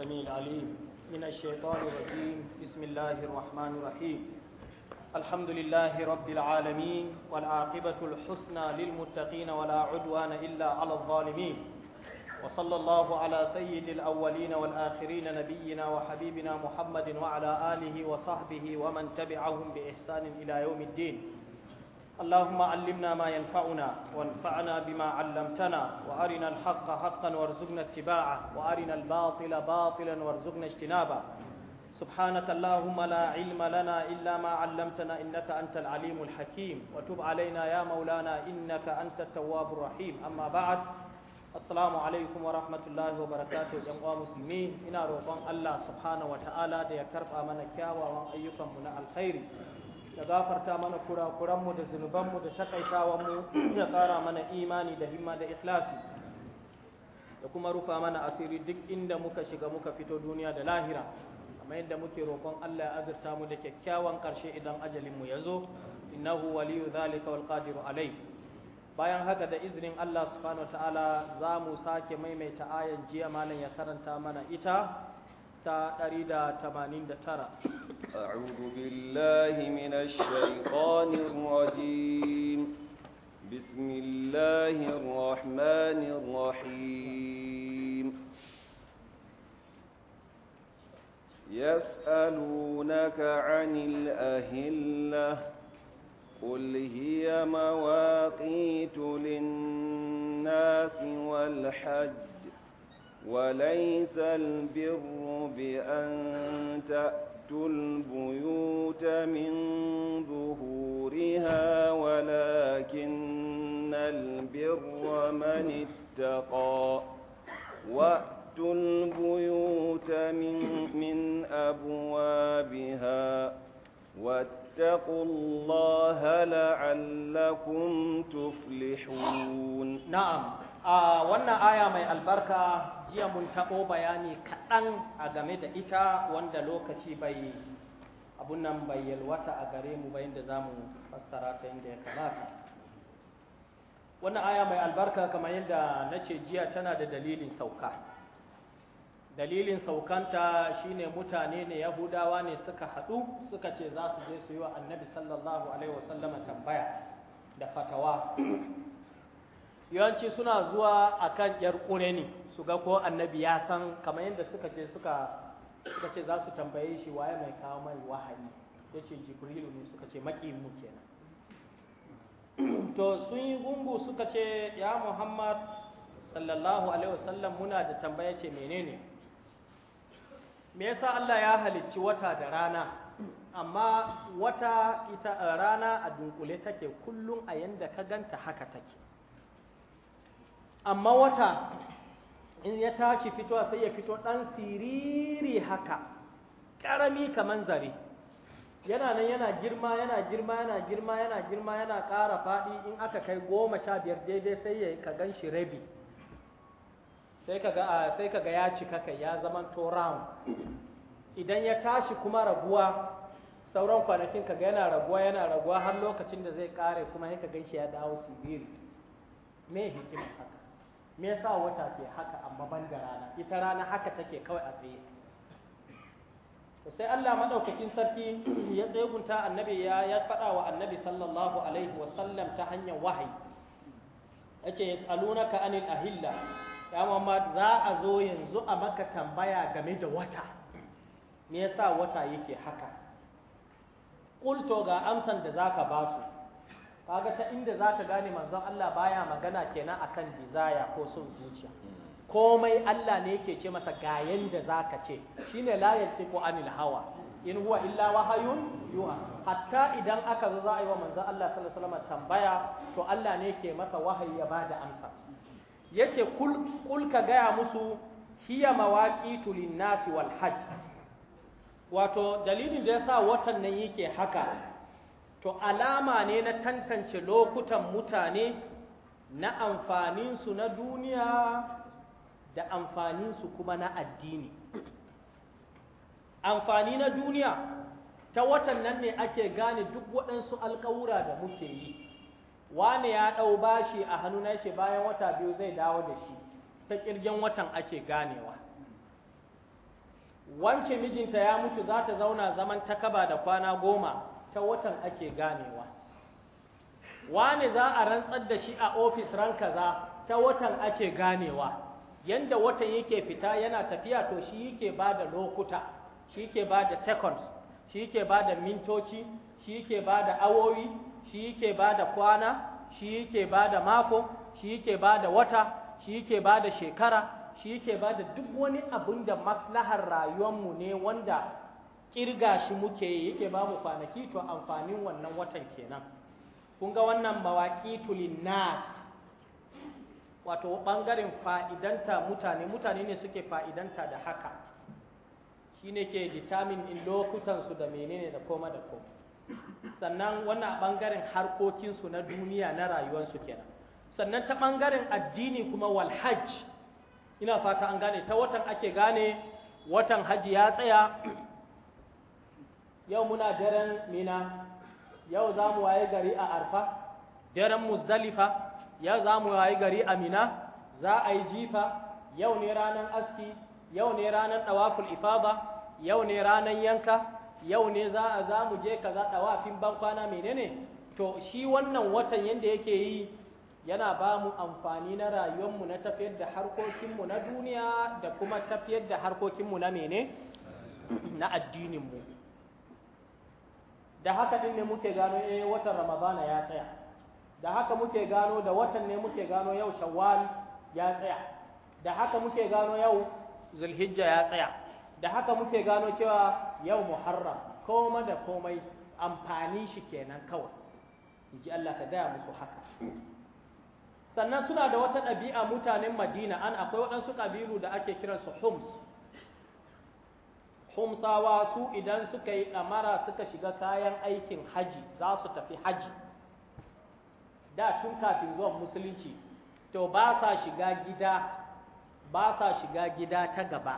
السميع العليم من الشيطان الرجيم بسم الله الرحمن الرحيم الحمد لله رب العالمين والعاقبة الحسنى للمتقين ولا عدوان إلا على الظالمين وصلى الله على سيد الأولين والآخرين نبينا وحبيبنا محمد وعلى آله وصحبه ومن تبعهم بإحسان إلى يوم الدين اللهم علمنا ما ينفعنا وانفعنا بما علمتنا وارنا الحق حقا وارزقنا اتباعه وارنا الباطل باطلا وارزقنا اجتنابه سبحانك اللهم لا علم لنا الا ما علمتنا انك انت العليم الحكيم وتب علينا يا مولانا انك انت التواب الرحيم اما بعد السلام عليكم ورحمه الله وبركاته يا yan المسلمين الله سبحانه وتعالى Allah subhanahu wa ta'ala da ya ya gafarta mana kurakuranmu da zunubanmu da takaitawanmu ya ƙara mana imani da himma da ikhlasi da kuma rufa mana asiri duk inda muka shiga muka fito duniya da lahira kamar yadda muke roƙon Allah ya azurta mu da kyakkyawan ƙarshe idan ajalinmu ya zo hu waliyu zalika wal qadiru alai bayan haka da izinin Allah subhanahu ta'ala za mu sake maimaita ayan jiya malam ya karanta mana ita أعوذ بالله من الشيطان الرجيم بسم الله الرحمن الرحيم يسألونك عن الأهلة قل هي مواقيت للناس والحج وليس البر بأن تأتوا البيوت من ظهورها ولكن البر من اتقى وأتوا البيوت من, من أبوابها واتقوا الله لعلكم تفلحون نعم آه وانا آية من البركة jiya mun taɓo bayani kaɗan a game da ita wanda lokaci bai abun nan bai yalwata a gare mu bayan da za mu fassara ta yadda ya kamata wannan aya mai albarka kamar yadda na ce jiya tana da dalilin sauka dalilin saukanta shine mutane ne yahudawa ne suka haɗu suka ce za su je su yi wa annabi sallallahu alaihi wasallama tambaya da fatawa yawanci suna zuwa akan yar ƙure ne su ga ko annabi ya san kamar yadda suka ce suka suka ce za su tambaye shi waye mai kawo mai wahayi ya ce jibrilu ne suka ce makiyin mu kenan to sun yi gungu suka ce ya muhammad sallallahu alaihi wasallam muna da tambaya ce menene me yasa Allah ya halicci wata da rana amma wata ita eh, rana a dunkule take kullum a yanda ka ganta haka take amma wata in ya tashi fitowa sai ya fito ɗan siriri haka ƙarami kamar zare yana nan yana girma yana girma yana girma yana girma yana ƙara faɗi in aka kai goma sha biyar daidai sai ya ka gan shi rabi sai ka ga sai ka ga ya cika kai ya zaman to round idan ya tashi kuma raguwa sauran kwanakin ka ga yana raguwa yana raguwa har lokacin da zai ƙare kuma ya ka gan shi ya dawo siriri. me hikima haka me yasa wata ke haka amma ban da rana ita rana haka take kawai a tsaye sai Allah madaukakin sarki ya tsegunta annabi ya ya faɗa wa annabi sallallahu alaihi wa sallam ta hanyar wahayi yace yasalunaka anil ahilla ya Muhammad za a zo yanzu a maka tambaya game da wata me yasa wata yake haka to ga amsan da zaka basu kaga ta inda za ka gane manzon Allah baya magana kenan akan desire ko son zuciya komai Allah ne yake ce masa ga yanda ka ce shine la ko anil hawa in huwa illa wahayun yuha hatta idan aka zo za a yi wa manzon Allah sallallahu alaihi wasallam tambaya to Allah ne yake masa wahayi ya bada amsa yace kul kul ka gaya musu hiya mawaqitu lin-nasi wal hajj wato dalilin da yasa watan nan yake haka to alama ne na tantance lokutan mutane na amfaninsu na duniya da amfaninsu kuma na addini amfani na duniya ta watan nan ne ake gane duk waɗansu alƙawura da muke yi wane ya ɗau bashi a hannu na shi bayan wata biyu zai dawo da shi ta ƙirgen watan ake ganewa wance mijinta ya mutu za ta zauna zaman takaba da kwana goma ta watan ake ganewa wani za a rantsar da shi a ofis ran kaza ta watan ake ganewa yanda watan yake fita yana tafiya to shi yake bada lokuta shi yake ba da seconds shi yake ba mintoci shi yake ba awowi shi yake ba kwana shi yake ba mako shi yake ba wata shi yake ba shekara shi yake ba duk wani abin da maslahar mu ne wanda kirga shi muke yake ba mu kwanaki to amfanin wannan watan kenan kun ga wannan tulin nas wato bangaren fa'idanta mutane mutane ne suke fa'idanta da haka shine ke determine in lokutan su da menene da koma da koma sannan wannan bangaren harkokin su na duniya na rayuwarsu su kenan sannan ta bangaren addini kuma walhaj, ina fata an gane ta watan ake gane watan haji ya tsaya yau muna daren mina yau za mu waye gari a arfa daren muzdalifa yau za mu waye gari a mina za a yi jifa yau ne ranar aski yau ne ranar dawaful ifaba yau ne ranar yanka yau ne za a za mu je kaza ɗawafin bankwana menene to shi wannan watan yadda yake yi yana ba mu amfani na rayuwarmu na tafiyar da harkokinmu na duniya da kuma tafiyar da harkokinmu na mene na addininmu da haka din ne muke gano eh watan ramadana ya tsaya da haka muke gano da watan ne muke gano yau shawwal ya tsaya da haka muke gano yau zulhijja ya tsaya da haka muke gano cewa yau muharram koma da komai amfani shi kenan kawai inji Allah ka gaya musu haka sannan suna da wata ɗabi'a mutanen Madina an akwai waɗansu ƙabilu da ake kiransu Homs kumsawa su idan suka yi ɗamara suka shiga kayan aikin haji za su tafi haji da tun kafin zuwan musulunci to ba sa shiga gida ba sa shiga gida ta gaba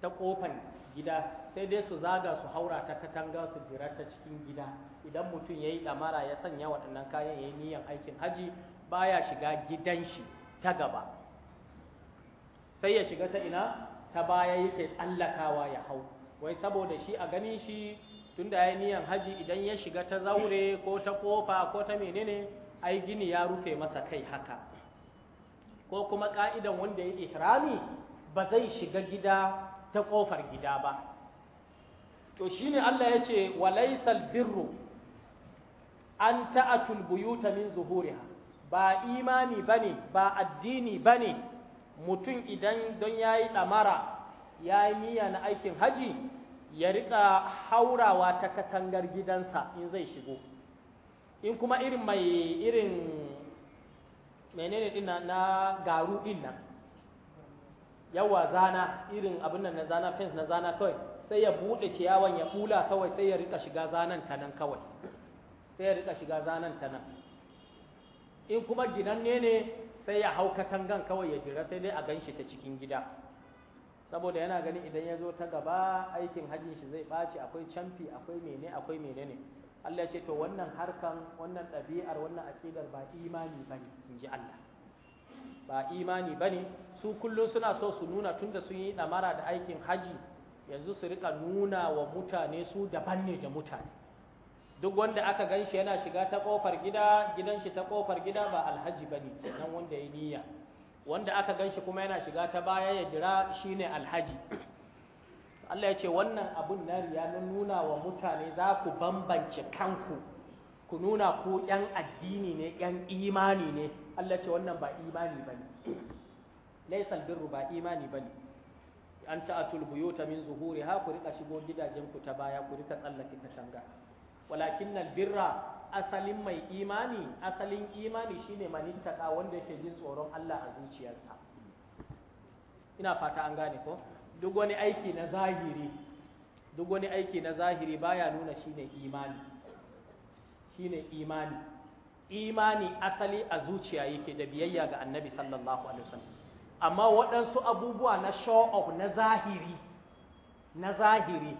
ta ƙofan gida sai dai su zaga su haura ta katanga su jira ta cikin gida idan mutum ya yi ɗamara ya sanya waɗannan kayan ya yi niyan aikin haji ba ya shiga gidan shi ta gaba sai ya shiga ta ina ta baya yake tsallakawa ya hau wai saboda shi a gani shi tun da ya niyan haji idan ya shiga ta zaure ko ta kofa ko ta menene ai gini ya rufe masa kai haka ko kuma ka'idan wanda ya ihrami ba zai shiga gida ta kofar gida ba to shine Allah ya ce walaysal birru an ta'atul buyuta min zuhuriha ba imani bane ba addini bane mutum idan don ya yi ɗamara ya yi niyya na aikin haji ya riƙa haurawa ta katangar gidansa in zai shigo in kuma irin mai irin menene ɗin na garu ɗin nan yawa zana irin abin nan na zana fence na zana kawai sai ya buɗe ciyawan ya ɓula kawai sai ya riƙa shiga zanan ta nan kawai sai ya riƙa shiga zanan ta nan in kuma gidanne ne sai ya hau katangan kawai ya jira sai dai a gan ta cikin gida saboda yana gani idan ya zo ta gaba aikin hajjin shi zai ɓaci akwai canfi akwai mene akwai mene ne Allah ce to wannan harkan wannan ɗabi'ar wannan aƙidar ba imani bane in ji Allah ba imani bane su kullum suna so su nuna tunda sun yi ɗamara da aikin hajji yanzu su rika nuna wa mutane su daban ne da mutane duk wanda aka gan shi yana shiga ta ƙofar gida gidan shi ta ƙofar gida ba alhaji ba ne kenan wanda ya niyya wanda aka gan shi kuma yana shiga ta baya ya jira shi ne alhaji Allah ya ce wannan abun na riya na nuna wa mutane za ku bambance kanku ku nuna ku ‘yan addini ne ‘yan imani ne Allah ce wannan ba imani ba ne laisal birru ba imani ba ne an ta'atul buyuta min zuhuri ha ku rika shigo gidajen ku ta baya ku rika tsallake katanga walakin birra asalin mai imani asalin imani shine manittaka wanda yake jin tsoron Allah a zuciyarsa ina fata an gane ko duk wani aiki na zahiri duk wani aiki na zahiri baya nuna shine imani shine imani imani asali a zuciya yake da biyayya ga annabi sallallahu alaihi wasallam amma waɗansu abubuwa na show of na zahiri na zahiri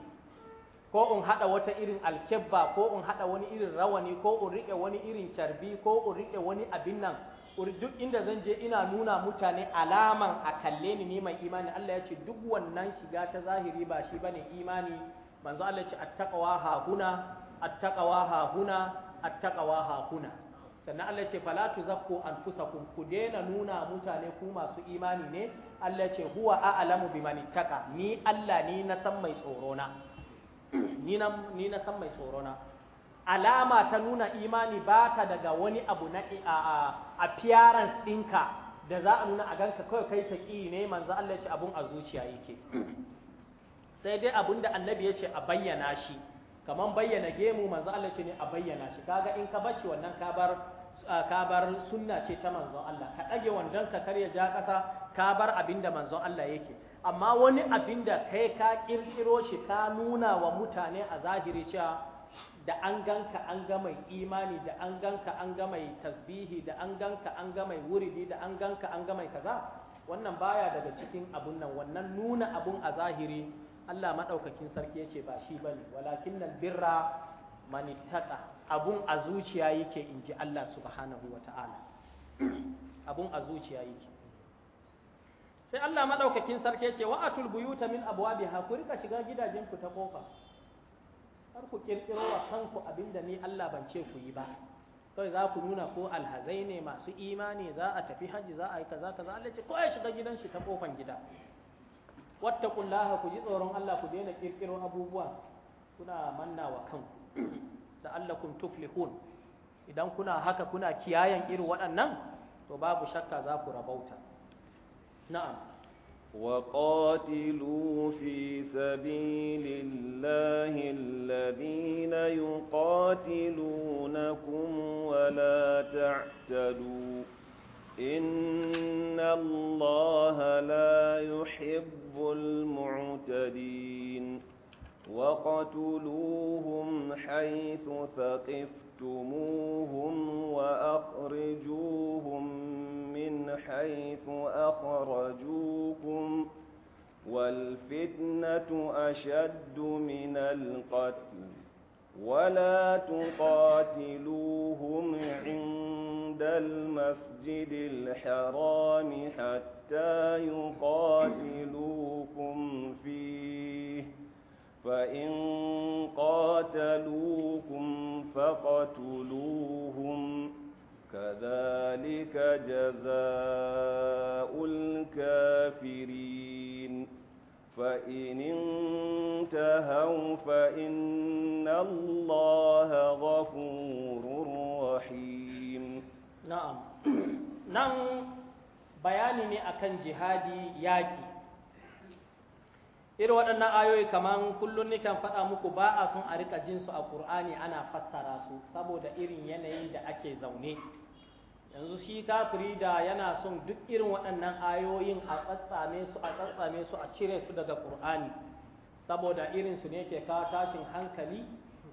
ko in haɗa wata irin alkebba ko in haɗa wani irin rawani ko in riƙe wani irin carbi ko in riƙe wani abin nan duk inda zan je ina nuna mutane alaman a kalle ni ne mai imani Allah ya ce duk wannan shiga ta zahiri ba shi bane imani manzo Allah ya ce attaqwa ha huna attaqwa ha huna attaqwa ha huna sannan Allah ya ce fala tuzakku anfusakum ku daina nuna mutane ku masu imani ne Allah ya ce huwa a'lamu bimani ni Allah ni na san mai tsoro na ni na ni san mai tsoro na alama ta nuna imani ba ta daga wani abu na appearance ɗinka da za a nuna a ganka kawai kai ta ƙi ne manzo Allah ce abun a zuciya yake sai dai abun da annabi ya ce a bayyana shi kamar bayyana gemu manzo Allah ce ne a bayyana shi kaga in ka bar shi wannan ka bar ka bar sunna ce ta manzo Allah ka dage wandan ka karya ja kasa ka bar abinda manzon Allah yake amma wani abin da kai ka kirkiro shi ka nuna wa mutane a zahiri cewa da an ganka an ga mai imani da an ganka an ga mai tasbihi da an ganka an ga mai wuridi da an ganka an ga mai kaza wannan baya daga cikin abun nan wannan nuna abun a zahiri Allah madaukakin sarki yace ba shi bane walakinnal birra manittaka abun a zuciya yake inji Allah subhanahu wataala abun a zuciya yake sai Allah madaukakin sarki ce wa atul buyuta min abwabiha ku rika shiga gidajen ku ta kofa har ku kirkiro wa kanku abinda ni Allah ban ce ku yi ba kawai za ku nuna ko alhazai ne masu imani za a tafi haji za a yi kaza kaza Allah ce ko ya shiga gidan shi ta kofan gida wattaqullaha ku ji tsoron Allah ku daina kirkiro abubuwa kuna manna wa kanku la'allakum tuflihun idan kuna haka kuna kiyayen irin waɗannan to babu shakka za ku rabauta نعم وقاتلوا في سبيل الله الذين يقاتلونكم ولا تعتدوا إن الله لا يحب المعتدين وقتلوهم حيث ثقفتموهم وأخرجوهم حيث أخرجوكم والفتنة أشد من القتل ولا تقاتلوهم عند المسجد الحرام حتى يقاتلوكم فيه فإن قاتلوكم فاقتلوهم كذلك جزاء الكافرين فإن انتهوا فإن الله غفور رحيم نعم نعم bayani ne akan jihadi yaki irin waɗannan ayoyi kaman kullum nikan faɗa muku ba a son a rika jinsu a ƙur'ani ana fassara su saboda irin yanayin da ake zaune yanzu shi kafiri da yana son duk irin waɗannan ayoyin a tsatsame su a tsatsame su a cire su daga Qur'ani saboda irin su ne ke kawo tashin hankali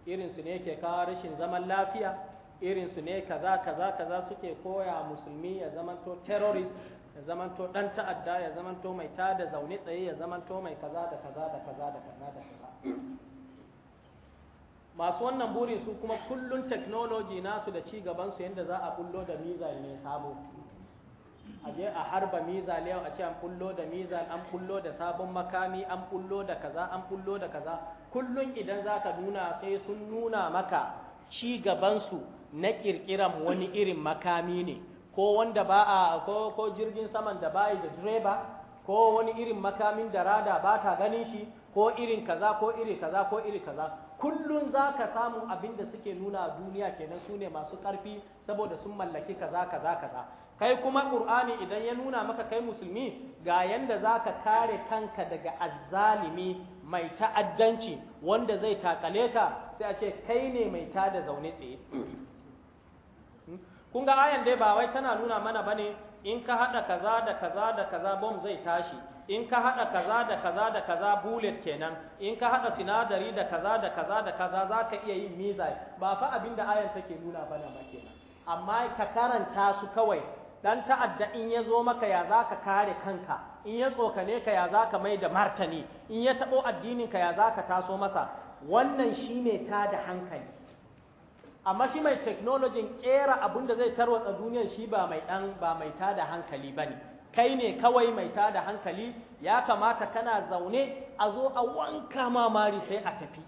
irin su ne ke kawo rashin zaman lafiya irin su ne kaza kaza kaza suke koya musulmi ya zamanto terrorist ya zamanto dan ta'adda ya zamanto mai tada zaune tsaye ya zamanto mai kaza da kaza da kaza da kaza da kaza masu wannan burin su kuma kullun technology nasu da ci gaban su yanda za a kullo da mizal ne sabo a je a harba miza yau a ce an kullo da mizal an kullo da sabon makami an kullo da kaza an kullo da kaza kullun idan zaka nuna sai sun nuna maka ci gaban su na kirkiran wani irin makami ne ko wanda ba a ko, jirgin saman da bayi da direba ko wani irin makamin da rada ba ta ganin shi ko irin kaza ko iri kaza ko iri kaza kullun za ka samu abin da suke nuna a duniya kenan su ne masu ƙarfi saboda sun mallaki kaza kaza kaza kai kuma ƙur'ani idan ya nuna maka kai musulmi ga yanda za ka kare kanka daga azzalimi mai ta'addanci wanda zai takale ka sai a ce kai ne mai ta da zaune tsaye hmm? kun ga ayan dai ba wai tana nuna mana bane in ka haɗa kaza da kaza da kaza bom zai tashi in ka haɗa kaza da kaza da kaza bullet kenan in ka haɗa sinadari da kaza da kaza da kaza za ka iya yin mizai ba fa abin da ayar take nuna ba ba kenan amma ka karanta su kawai dan ta'adda in ya zo maka ya za ka kare kanka in ya tsokane ka ya za ka mai da martani in ya taɓo addinin ka ya za ka taso masa wannan shine ta da hankali amma shi mai technology ƙera abin da zai tarwatsa duniyar shi ba mai dan ba mai ta da hankali bane kai ne kawai mai tada hankali ya kamata kana zaune a zo a wanka mamari sai a tafi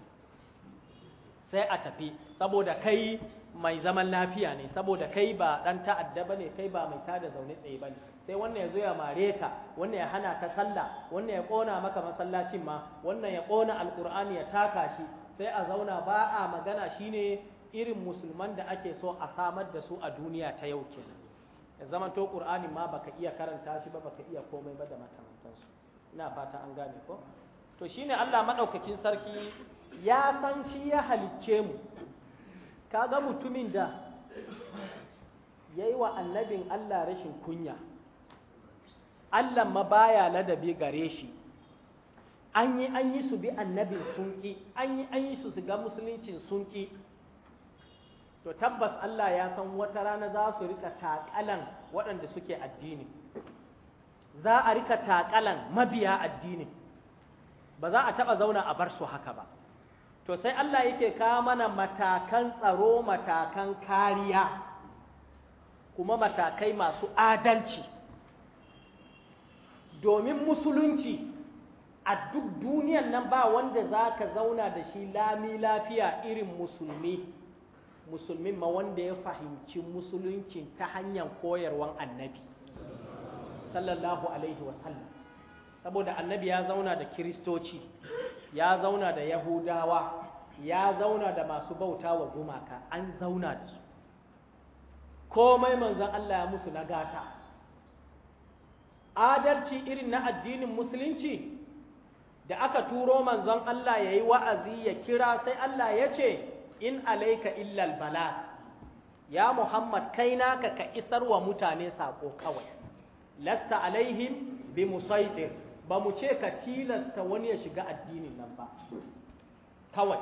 sai a tafi saboda kai mai zaman lafiya ne saboda kai ba dan ta'adda bane kai ba mai tada zaune tsaye bane sai wannan ya zo ya mare ka, wannan ya hana ta sallah wannan ya kona maka masallacin ma wannan ya kona alqur'ani ya taka shi sai a zauna ba a magana shine irin musulman da ake so a samar da su a duniya ta yau kenan ya zama to qur'ani ma baka iya karanta shi ba baka iya komai ba da makamantansu ina fata an gane ko to shine Allah madaukakin sarki ya san shi ya halicce mu Ka ga mutumin da yayi wa annabin Allah rashin kunya Allah ma baya ladabi gare shi an yi an yi su bi annabin sunki an yi an su su ga musuluncin sunki to tabbas Allah ya san wata rana za su rika takalan waɗanda suke addini za a rika takalan mabiya addini ba za a taɓa zauna a bar su haka ba to sai Allah yake ka mana matakan tsaro matakan kariya kuma matakai masu adalci domin musulunci a duk duniyan nan ba wanda za ka zauna da shi lami lafiya irin musulmi musulmin ma wanda ya fahimci musuluncin ta hanyar koyarwan annabi sallallahu alaihi wasallam saboda annabi ya zauna da kiristoci ya zauna da yahudawa ya zauna da masu bauta wa gumaka an zauna da su komai manzan Allah ya musu na gata adalci irin na addinin musulunci da aka turo manzon Allah ya yi wa'azi ya kira sai Allah ya ce in alaika illal bala ya Muhammad kai naka ka isar wa mutane sako kawai lasta alaihim bi musaitir ba mu ce ka tilasta wani ya shiga addinin nan ba kawai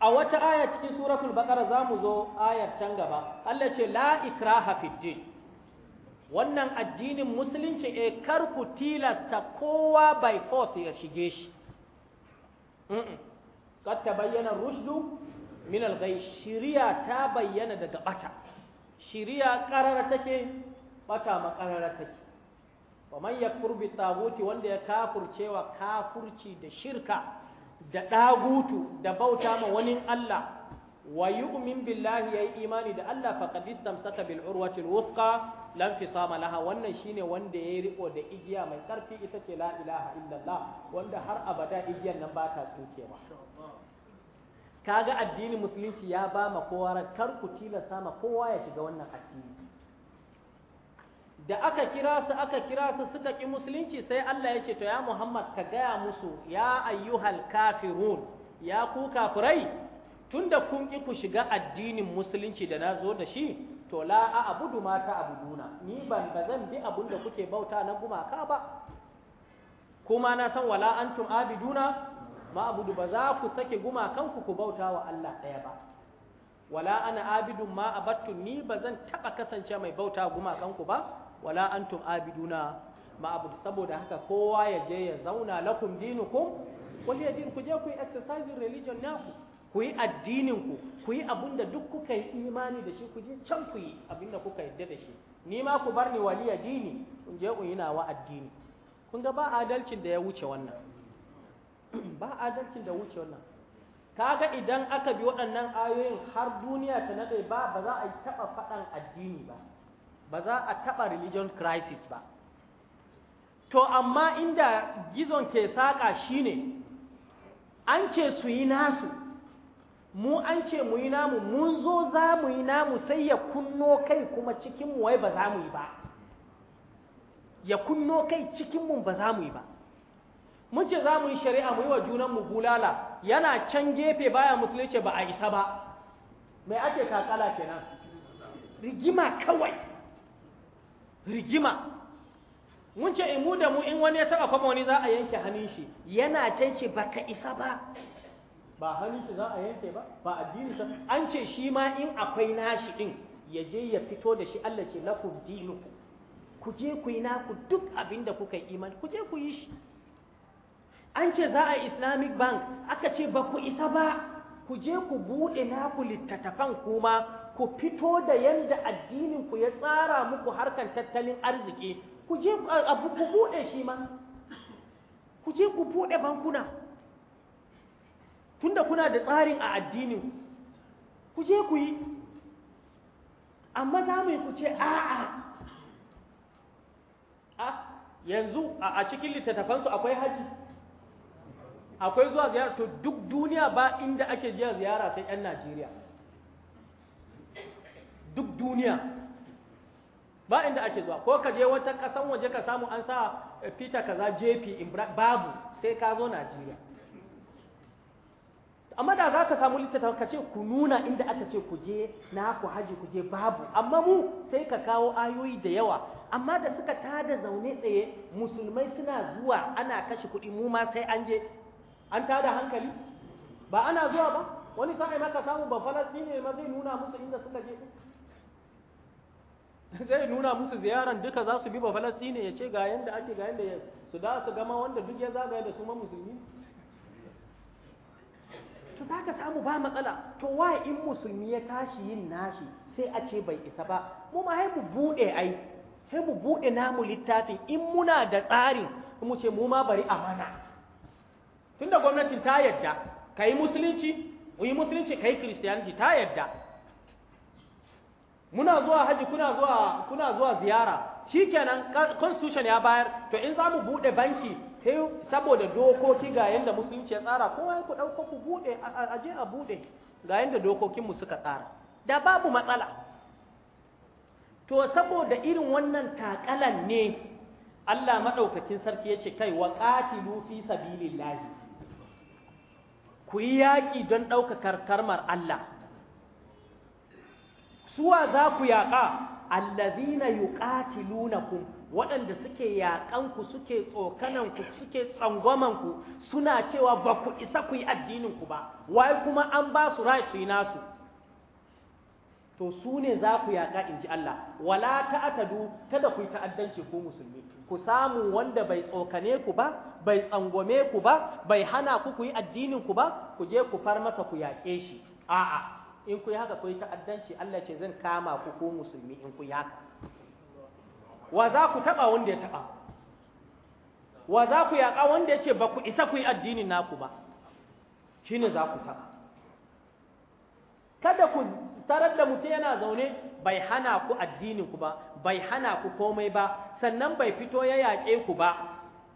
a wata aya cikin suratul baqara zamu zo ayar can gaba Allah ce la ikraha fid din wannan addinin musulunci e kar ku tilasta kowa by force ya shige shi qad ta bayyana rusdu, al-ghay shiriya ta bayyana daga bata shiriya qarara take bata ma qarara take wa man yakfur bi taguti wanda ya kafurcewa kafurci da shirka da dagutu da bauta ma wani Allah wa yu'min billahi yi imani da Allah faqad istamsaka bil urwatil wuthqa lan wannan shine wanda yayi riko da igiya mai karfi ita ce la ilaha illallah wanda har abada igiyan nan ba ta tsukewa kaga addinin musulunci ya ba ma kowa kar ku tilasta kowa ya shiga wannan addini da aka kirasu aka kira su suka ki musulunci sai Allah ya ce ta ya Muhammad ka gaya musu ya ayyuhal kafirun ya ku kafirai tunda kun ki ku shiga addinin musulunci da na zo da shi to la a abudu ma ta abuduna ni ban ba zan bi abun da kuke bauta na gumaka ba kuma na san wala antum abiduna ma abudu ba za ku sake gumakanku ku bauta wa Allah ɗaya ba wala ana abidun ma abattu ni ba zan taɓa kasance mai bauta gumakanku ba wala antum abiduna ma abudu saboda haka kowa ya je ya zauna lakum dinukum kulli yadin ku je ku yi exercise religion naku ku yi addininku ku yi abin da duk kuka yi imani da shi ku je can ku yi abin da kuka yadda da shi ni ma ku bar ni waliya dini kun je ku yi nawa addini kun ga ba adalcin da ya wuce wannan ba adalcin da wuce wannan kaga idan aka bi waɗannan ayoyin har duniya ta nade ba ba za a yi taɓa faɗan addini ba ba za a taɓa religion crisis ba to amma inda gizon ke saƙa shine an ce su yi nasu mu an ce mu yi namu mun zo za mu yi namu sai ya kunno kai kuma cikinmu wai ba za mu yi ba ya kunno kai cikinmu ba za mu yi ba mun ce za mu yi shari'a mu yi wa junanmu bulala yana can gefe baya musulunci ba a isa ba mai ake kakala kenan rigima kawai rigima mun ce mu da mu in wani ya taba kwama wani za a yanke hannun shi yana can ce ka isa ba ba hannun shi za a yanke ba ba addinin sa an ce shi ma in akwai nashi din ya je ya fito da shi Allah ce ku dinukum ku je ku yi naku duk abin da kuka yi imani ku je ku yi shi an ce za a islamic bank aka ce ba ku isa ba ku je ku buɗe naku littattafan kuma ku fito da yadda addinin ku ya tsara muku harkan tattalin arziki ku je ku buɗe shi ma ku je ku buɗe bankuna tunda kuna da tsarin a addinin ku je ku yi amma za mu yi ku ce a'a a yanzu a cikin littattafansu akwai haji akwai zuwa ziyara to duk duniya ba inda ake jiya ziyara sai 'yan najeriya duk duniya ba inda ake zuwa ko ka je wata kasan waje ka samu an sa peter eh, kaza jp babu sai ka zo najeriya amma da za ka samu littattafa ka ce ku nuna inda aka ce ku je na ku haji ku je babu amma mu sai ka kawo ayoyi da yawa amma da suka tada zaune tsaye musulmai suna zuwa ana kashe kuɗi mu ma sai an je an tada hankali ba ana zuwa ba wani ma ka samu ba falastini ma zai nuna musu inda suka je zai nuna musu ziyaran duka za su bi ba falastini ya ce ga yanda ake ga yanda su da su gama wanda duk ya zagaya da su ma musulmi to za ka samu ba matsala to waye in musulmi ya tashi yin nashi sai a ce bai isa ba mu ma mu buɗe ai sai mu buɗe namu littafin in muna da tsarin mu ce mu ma bari amana tunda gwamnati ta yadda ka yi musulunci mu yi musulunci ka yi kiristiyanci ta yadda muna zuwa haji kuna zuwa kuna zuwa ziyara shikenan constitution ya bayar to in za mu buɗe banki sai saboda dokoki ga yanda musulunci ya tsara kowa ya ku ɗauko ku buɗe a je a buɗe ga yanda dokokinmu suka tsara da babu matsala to saboda irin wannan takalan ne Allah maɗaukacin sarki ya ce kai wa ƙatilu fi sabilillahi ku yi yaƙi don ɗaukakar karmar Allah suwa za ku yaƙa allazina yuqatilunakum waɗanda suke yaƙanku suke tsokananku suke tsangwamanku suna cewa ba ku isa ku yi addininku ba wai kuma an ba su rai su yi nasu to su ne za ku yaƙa in ji Allah wala ta'atadu kada ku yi ta'addanci ko musulmi ku samu wanda bai tsokane ku ba bai tsangwame ku ba bai hana ku ku yi addininku ba ku je ku far masa ku yaƙe shi a'a in ku yi haka ku yi ta'addanci Allah ce zan kama ku ku musulmi in ku yi haka wa za ku taɓa wanda ya taɓa wa za ku yaƙa wanda ya ce ba ku isa ku yi addinin naku ba shi ne za ku taɓa kada ku tarar da mutum yana zaune bai hana ku addinin ku ba bai hana ku komai ba sannan bai fito ya yaƙe ku ba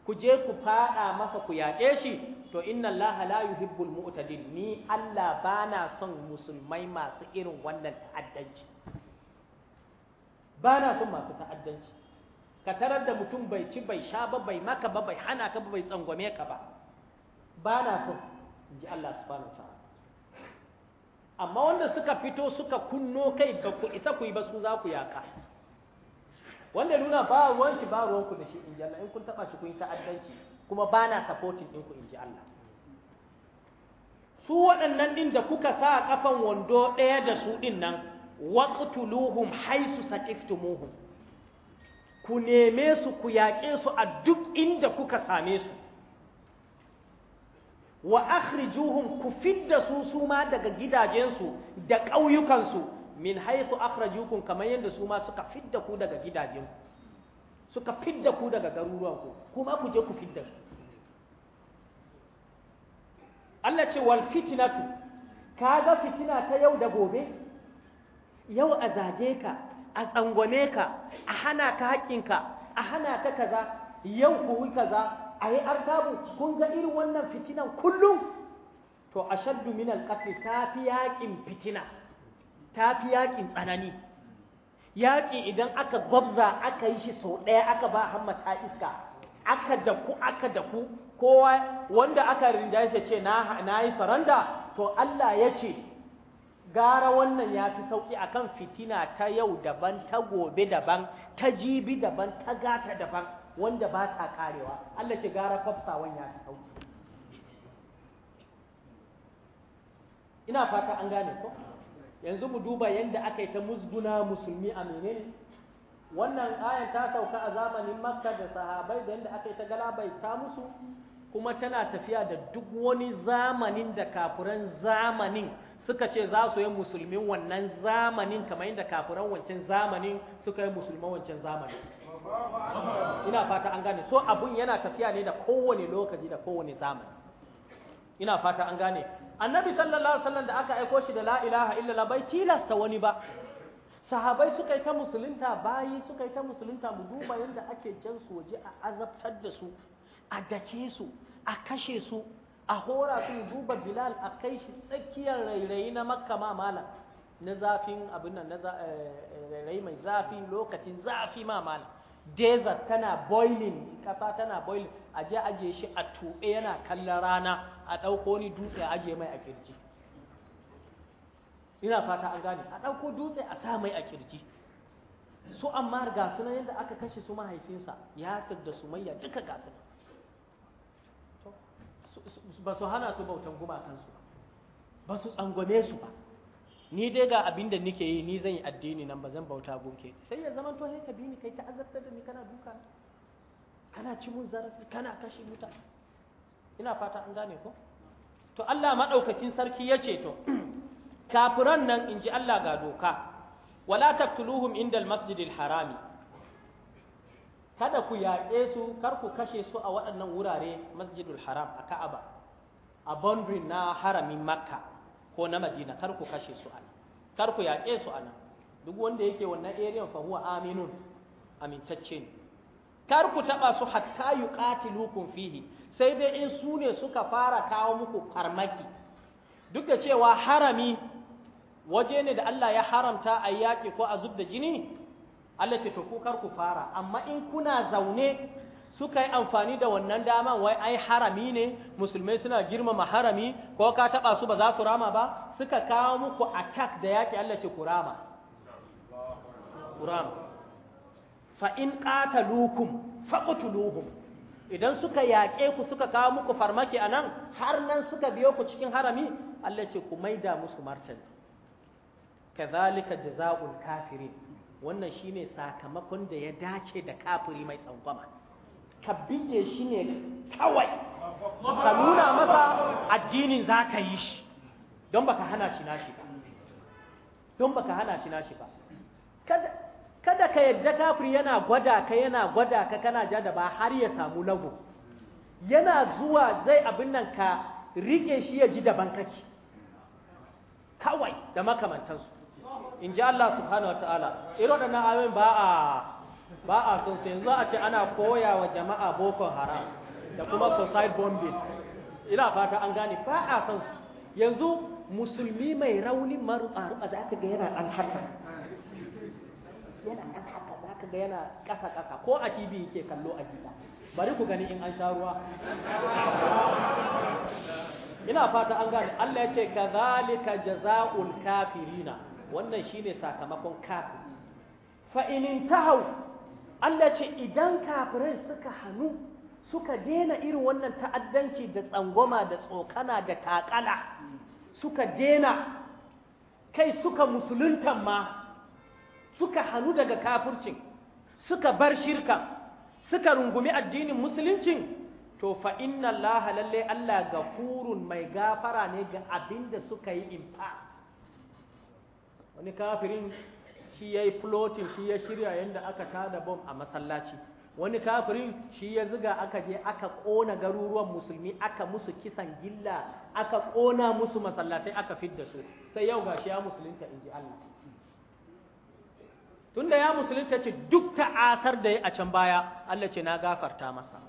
ku je ku faɗa masa ku yaƙe shi to inna allaha la yuhibbul mu'tadin ni Allah bana son musulmai masu irin wannan ta'addanci bana son masu ta'addanci ka tarar da mutum bai ci bai sha ba bai maka ba bai hana ka ba bai tsangwame ka ba ba na so in ji Allah subhanahu wa ta'ala amma wanda suka fito suka kunno kai ba ku isa ku yi ba su za ku yaka wanda nuna ba ruwan shi ba ruwan ku da shi in ji Allah in kun taba shi kun yi ta'addanci kuma ba na supporting ku, in ji Allah su waɗannan ɗin da kuka sa a kafan wando ɗaya da su ɗin nan waqtuluhum haisu saqiftumuhum ku neme su ku yaƙe su a duk inda kuka same su wa akhrijuhum ku fidda su su ma daga gidajensu da ƙauyukansu min haitu akhrajukum kamar yadda su ma suka fidda ku daga ku. suka fidda ku daga garuruwan ku, kuma ku je ku fidda su Allah ce wal fitnatu kaga fitina ta yau da gobe yau a ka a tsangwane ka a hana ka haƙƙinka a hana ka kaza yau wuka kaza a yi artabu kun ga irin wannan fitinan kullum to a shan min alqatl ta fi yaƙin fitina ta fi yaƙin tsanani yaƙi idan aka gwabza aka yi shi sau ɗaya aka ba hammata iska aka da aka da kowa wanda aka rinjaye ce na yi saranda to Allah ya ce gara wannan ya fi sauƙi a kan fitina ta yau daban ta gobe daban ta jibi daban ta gata daban wanda ba ta karewa Allah ce gara kwafsawan ya fi sauƙi ina fata an gane ko yanzu mu duba yadda aka yi ta musguna musulmi a menene wannan ayan ta sauka a zamanin makka da sahabai da yadda aka yi ta galabaita musu kuma tana tafiya da duk wani zamanin da kafuran zamanin suka ce za su yi musulmin wannan zamanin kamar yadda kafiran wancan zamanin suka yi musulman wancan zamanin ina fata an gane so abun yana tafiya ne da kowane lokaci da kowane zamani ina fata an gane annabi sallallahu alaihi wasallam da aka aiko shi da la ilaha illallah bai tilasta wani ba sahabai suka yi ta musulunta bayi suka yi ta musulunta mu duba yadda ake jan su waje a azabtar da su a dake su a kashe su a hora su duba bilal a kai shi tsakiyar rairayi na makka ma malam na zafin abin nan na eh, eh, rairayi mai zafi lokacin zafi ma malam desert tana boiling kasa tana boiling a je aje shi a tuɓe yana kallon rana a ɗauko ni dutse a aje mai a kirji ina fata an gane a ɗauko dutse a sa mai a kirji su amma ga sunan yadda aka kashe su mahaifinsa ya yasir da sumayya duka ga ba su hana su bautan gumakansu ba ba su tsangwame su ba ni dai ga abin da nike yi ni zan yi addini nan ba zan bauta gunke sai ya zama to ka bi ni kai ta azabtar da ni kana duka kana ci mun zarafi kana kashe muta ina fata an gane ko to Allah madaukakin sarki ya ce to kafiran nan in ji Allah ga doka wala taqtuluhum inda al-masjidil harami kada ku yaƙe su kar ku kashe su a waɗannan wurare masjidul haram a ka'aba a boundary na haramin makka ko na madina kar ku kashe su ana kar ku yaƙe su nan duk wanda yake wannan area fa huwa aminun amintacce ne kar ku taɓa su hatta yuqatilukum fihi sai dai in su ne suka fara kawo muku farmaki duk da cewa harami waje ne da Allah ya haramta a yaƙi ko a zub da jini Allah ce to ku kar ku fara amma in kuna zaune suka yi amfani da wannan dama wai ai harami ne musulmai suna girmama harami ko ka taba su ba za su rama ba suka kawo muku attack da yaki Allah ce kurama kurama fa in qataluukum faqtuluhum idan suka yaƙe ku suka kawo muku farmaki anan har nan suka biyo ku cikin harami Allah ce ku maida musu martani kazalika jazaa'ul kafirin wannan shine sakamakon da ya dace da kafiri mai tsangwama ka bige shi ne kawai ka nuna masa addinin za ka yi shi don ba ka hana shi nashi ba don ka hana shi nashi ba kada ka yadda kafir yana gwada ka yana gwada ka kana ja da ba har ya samu lagu yana zuwa zai abin nan ka rike shi ya ji daban kake kawai da makamantansu in ji Allah subhanahu wa ta'ala irin waɗannan ayoyin ba a ba a son sai yanzu a ce ana koya wa jama'a boko haram da kuma suicide bombing ina fata an gane ba a son yanzu musulmi mai rauni maru'a za ka ga yana an haka yana an haka za ka ga yana ƙasa ƙasa ko a tv yake kallo a gida bari ku gani in an sha ruwa ina fata an gane Allah ya ce kazalika jazaul kafirina wannan shine sakamakon kafiri fa in intahu Allah ce idan kafirai suka hannu suka dena irin wannan ta'addanci da tsangwama da tsokana da takala suka dena kai suka musuluntan ma suka hannu daga kafircin suka bar shirka suka rungumi addinin musuluncin to fa inna Allah lalle Allah gafurun mai gafara ne ga abinda suka yi in wani kafirin shi ya floating shi ya shirya yadda aka tada bom a masallaci wani kafirin shi ya ziga aka je aka ƙona garuruwan musulmi aka musu kisan gilla aka ƙona musu masallatai aka fidda su sai yau gashi ya musulunta in Allah tunda ya musulunta ce duk asar da ya a can baya Allah ce na gafarta masa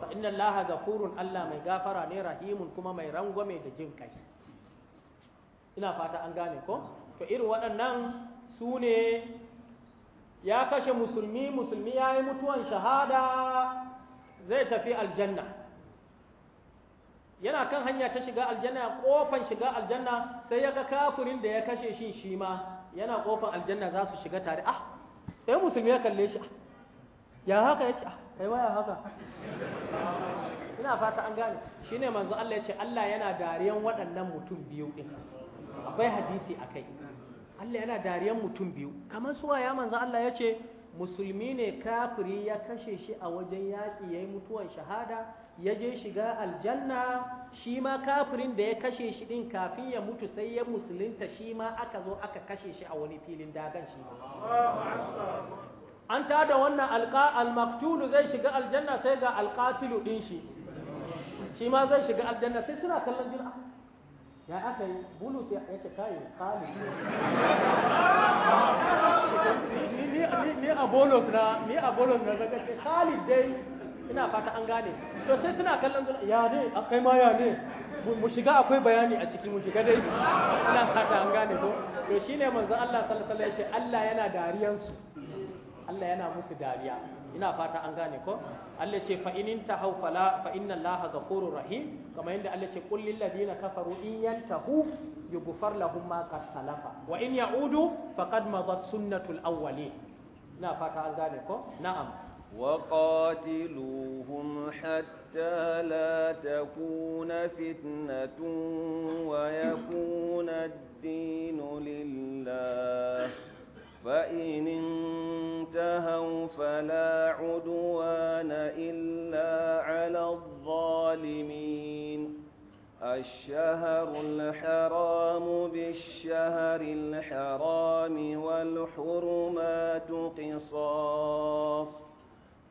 fa inna Allah gafurun Allah mai gafara ne rahimun kuma mai rangwame da jin kai ina fata an gane ko to irin waɗannan su ne ya kashe musulmi musulmi ya yi mutuwan shahada zai tafi aljanna yana kan hanya ta shiga aljanna ƙofan shiga aljanna sai ya ga kafirin da ya kashe shi shi ma yana ƙofan aljanna za su shiga tare ah sai musulmi ya kalle shi ah, ya haka ya ce ah kai waya haka ina fata an gane shine manzo Allah ya ce Allah yana dariyan waɗannan mutum biyu din akwai hadisi akai Allah yana dariyan mutum biyu kamar suwa ya manzo Allah ya ce musulmi ne kafiri ya kashe shi a wajen yaƙi ya yi mutuwan shahada ya je shiga aljanna shi ma kafirin da ya kashe shi ɗin kafin ya mutu sai ya musulunta shi ma aka zo aka kashe shi a wani filin dagan shi an da wannan alƙa almaktulu zai shiga aljanna sai ga alƙatilu ɗin shi shi ma zai shiga aljanna sai suna kallon juna ya aka yi bulus ya ce kai kali ni a bolos na ni a bolos na zaka ce khalid dai ina fata an gane to sai suna kallon ya ne kai ma ya ne mu shiga akwai bayani a ciki mu shiga dai ina fata an gane ko to shine manzo Allah sallallahu alaihi wasallam ya ce Allah yana dariyansu Allah yana musu dariya ina fata an gane ko Allah ce fa in tahaw fala fa inna Allaha ghafurur rahim kamar yadda Allah ce qul lil ladina kafaru in yantahu yughfar lahum ma qad salafa wa in ya'udu faqad madat sunnatul awwalin ina fata an gane ko na'am وقاتلوهم حتى لا تكون فتنة ويكون الدين لله فإن انتهوا فلا عدوان إلا على الظالمين الشهر الحرام بالشهر الحرام والحرمات قصاص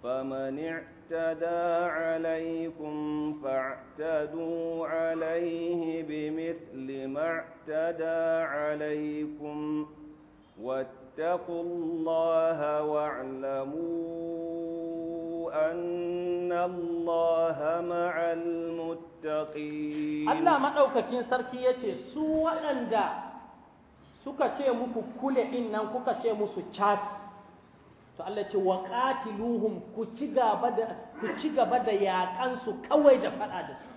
فمن اعتدى عليكم فاعتدوا عليه بمثل ما اعتدى عليكم واتقوا فاتقوا الله واعلموا أن الله مع المتقين الله ما أوكاكين سركية سوى أندا suka ce muku kule din nan kuka ce musu cas to Allah ce wa qatiluhum ku ci gaba da ku ci gaba da yakan su kawai da fada da su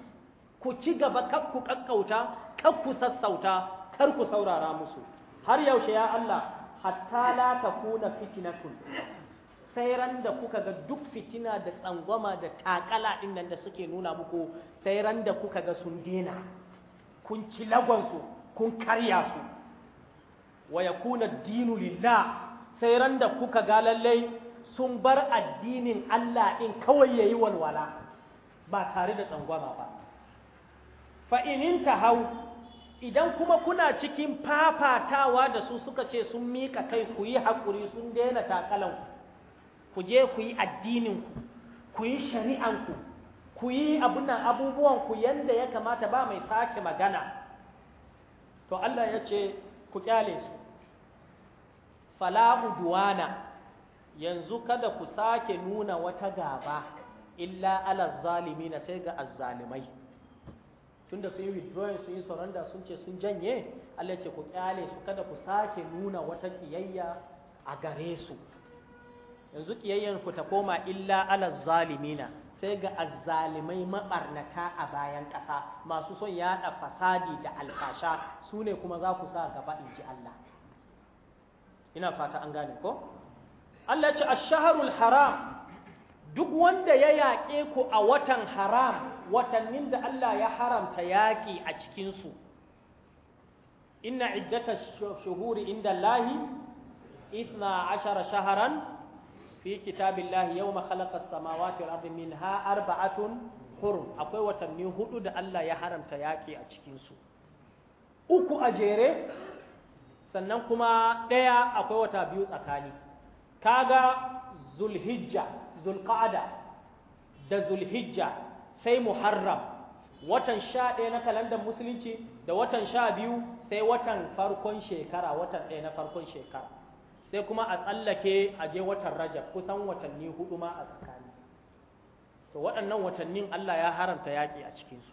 ku ci gaba kar ku kakkauta kar ku sassauta kar ku saurara musu har yaushe ya Allah hatta la kuna fitinatun sai ran da kuka ga duk fitina da tsangwama da takala din nan da suke nuna muku sai ran da kuka ga sun dena kun ci lagonsu kun karya su wa yakuna dinu lillah sai ran da kuka ga lallai sun bar addinin Allah in kawai yayi walwala ba tare da tsangwama ba fa inin hau idan kuma kuna cikin fafatawa da su suka ce sun mika kai ku yi haƙuri sun daina takalanku ku je ku yi addininku ku yi shari'anku ku yi abunan abubuwanku yadda ya kamata ba mai sake magana to Allah ya ce ku kyale su fala'u duwana yanzu kada ku sake nuna wata gaba illa ala na sai ga azzalimai tunda sun yi withdrawing sun yi surrender sun ce sun janye Allah ce ku kyale su kada ku sake nuna wata kiyayya a gare su yanzu kiyayyan ku ta koma illa ala zalimina sai ga azzalimai mabarnata a bayan ƙasa masu son yaɗa fasadi da alfasha su ne kuma za ku sa gaba in ji Allah ina fata an gane ko Allah ce ash-shahrul haram duk wanda ya yaƙe ku a watan haram watannin da Allah ya haramta yaƙi a cikinsu inna iddata shuhuri inda lahi, isna ashara shaharan fi lahi, yau makhalakar samawati al'adu min ha arba'atun hurum akwai watanni hudu da Allah ya haramta yaƙi a cikinsu uku a jere sannan kuma ɗaya akwai wata biyu tsakani kaga zulhijja zulqa'ada da zulhijja sai muharram watan sha ɗaya na kalandar musulunci da watan sha biyu sai watan farkon shekara watan ɗaya na farkon shekara sai kuma a tsallake a je watan rajab kusan watanni hudu ma a tsakani to waɗannan watannin Allah ya haramta yaƙi a cikinsu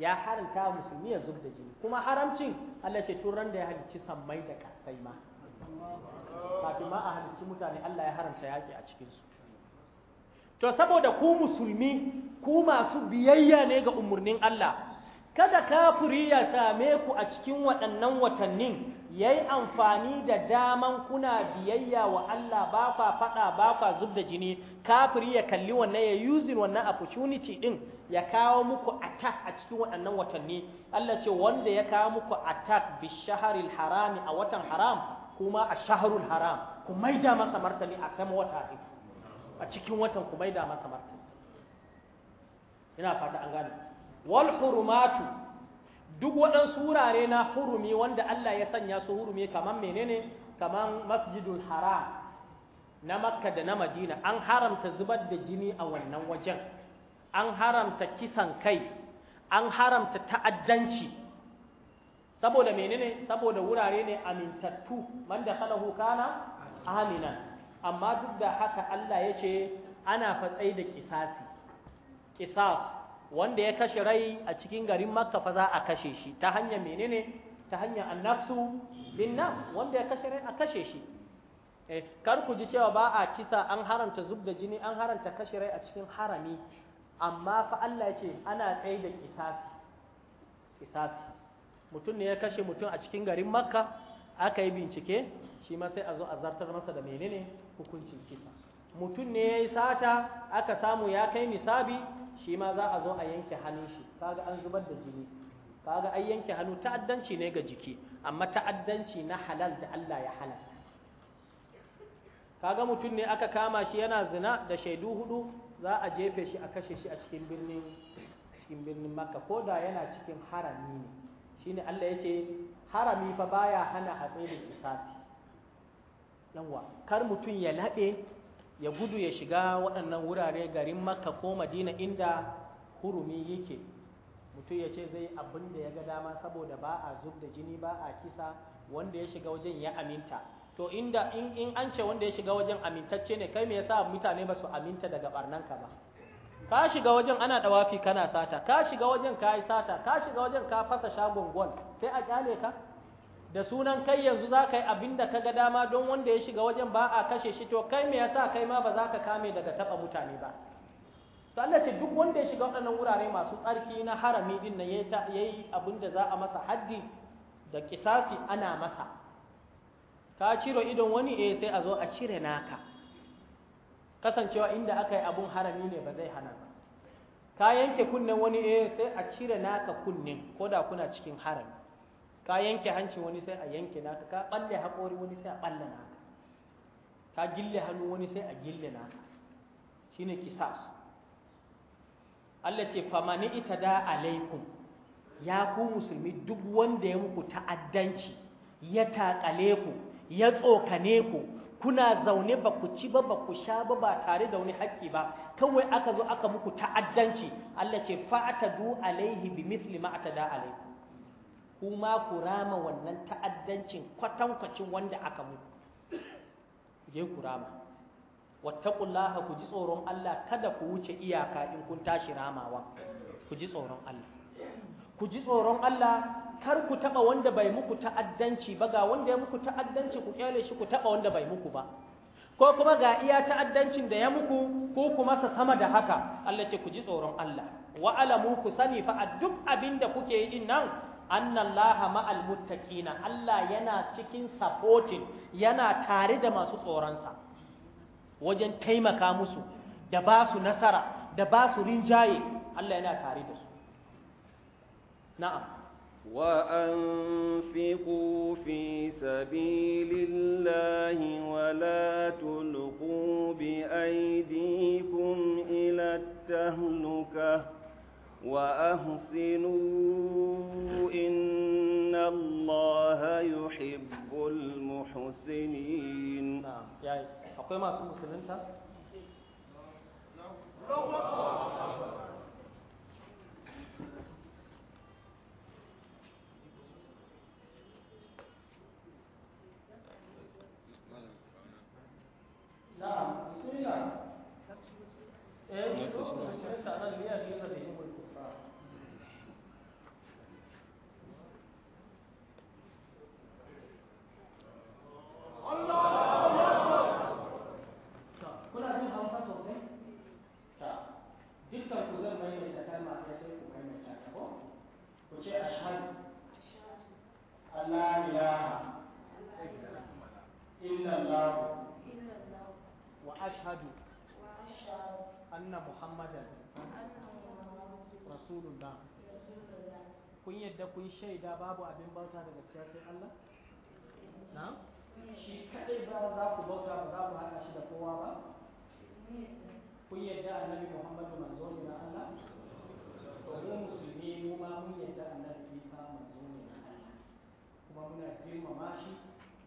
ya haramta musulmi ya zub da jini kuma haramcin Allah ce tun da ya halicci sammai da kasai ma kafin ma a halicci mutane Allah ya haranta yaƙi a cikinsu to saboda ku musulmi ku masu biyayya ne ga umarnin Allah kada kafiri ya same ku a cikin waɗannan watannin yayi amfani da daman kuna biyayya wa Allah ba fa faɗa ba fa zubda jini kafiri ya kalli wannan ya using wannan opportunity din ya kawo muku attack a cikin waɗannan watanni Allah ce wanda ya kawo muku attack bi shaharil harami a watan haram kuma a shaharul haram ku maida masa martani a sama wata a cikin watan ku maida masa martani ina fata an gane wal hurumatu duk waɗansu wurare na hurumi wanda Allah ya sanya su hurumi kaman menene kaman masjidul haram na makka da na madina an haramta zubar da jini a wannan wajen an haramta kisan kai an haramta ta'addanci saboda menene saboda wurare ne amintattu man da kana aminan amma duk da haka Allah ya ce ana fatsai da kisasi kisas wanda ya kashe rai a cikin garin makka fa za a kashe shi ta hanyar menene ta hanyar annafsu bin nafs wanda ya kashe rai a kashe shi eh kar ku ji cewa ba a kisa an haranta zubda da jini an haranta kashe rai a cikin harami amma fa Allah ya ce ana tsai da kisasi kisasi mutum ne ya kashe mutum a cikin garin makka aka yi bincike shi ma sai a zo a zartar masa da menene hukuncin kisa mutum ne ya yi sata aka samu ya kai misabi shi ma za a zo a yanke hannun shi kaga an zubar da jini kaga an yanke hannu ta'addanci ne ga jiki amma ta'addanci na halal da Allah ya halalta kaga mutum ne aka kama shi yana zina da shaidu hudu za a jefe shi a kashe shi a cikin birnin cikin birnin makka ko da yana cikin harami ne shine Allah ya ce harami fa baya hana a tsaye da kisasi yawa kar mutum ya laɓe ya gudu ya shiga waɗannan wurare garin makka ko madina inda hurumi yake mutum ya ce zai abin da ya ga dama saboda ba a zub da jini ba a kisa wanda ya shiga wajen ya aminta to inda in, an ce wanda ya shiga wajen amintacce ne kai me yasa mutane ba su aminta daga barnanka ba ka shiga wajen ana dawafi kana sata ka shiga wajen ka yi sata ka shiga wajen ka fasa shagon gwal sai a kyale ka da sunan kai yanzu za ka yi abin da ka ga dama don wanda ya shiga wajen ba a kashe shi to kai me yasa kai ma ba za ka kame daga taba mutane ba to Allah ce duk wanda ya shiga waɗannan wurare masu tsarki na harami din nan yayi abin da za a masa haddi da kisasi ana masa ka ciro idon wani eh sai a zo a cire naka kasancewa inda aka yi abun harami ne ba zai hana ba ka yanke kunnen wani eh sai a cire naka kunnen ko da kuna cikin harami ka yanke hanci wani sai a yanke naka ka balle haƙori wani sai a balle naka ka gille hannu wani sai a gille naka shine kisas Allah ce famani da alaikum ya ku musulmi duk wanda ya muku ta'addanci ya taƙale ku ya tsokane ku kuna zaune ba ku ci ba ba ku sha ba ba tare da wani haƙƙi ba kawai aka zo aka muku ta'addanci Allah ce fa'atadu alaihi bi mithli ma atada alaikum kuma ku rama wannan ta'addancin kwatankwacin wanda aka muku je ku rama wattaqullaha ku ji tsoron Allah kada ku wuce iyaka in kun tashi ramawa ku ji tsoron Allah ku ji tsoron Allah kar ku taba wanda bai muku ta'addanci ba ga wanda ya muku ta'addanci ku kyale shi ku taba wanda bai muku ba ko kuma ga iya ta'addancin da ya muku ko kuma sa sama da haka Allah ce ku ji tsoron Allah wa alamu ku sani fa a duk abin da kuke yi nan annallaha ma'al muttaqina Allah yana cikin supporting yana tare da masu tsoronsa wajen taimaka musu da ba su nasara da ba su rinjaye Allah yana tare da su na'am وأنفقوا في سبيل الله ولا تلقوا بأيديكم إلى التهلكة وأحسنوا إن الله يحب المحسنين نعم يعني أقول ما أسمى سلمتا نعم بسم الله ايه أشهد أن محمدا رسول الله kun yadda kun shaida babu abin bauta da gaskiya sai Allah? na? shi kadai ba za ku bauta ba za ku hada shi da kowa ba? kun yadda annabi Muhammadu manzo ne na Allah? to mu musulmi mu ma mun yadda annabi Isa manzo ne na Allah kuma muna girmama shi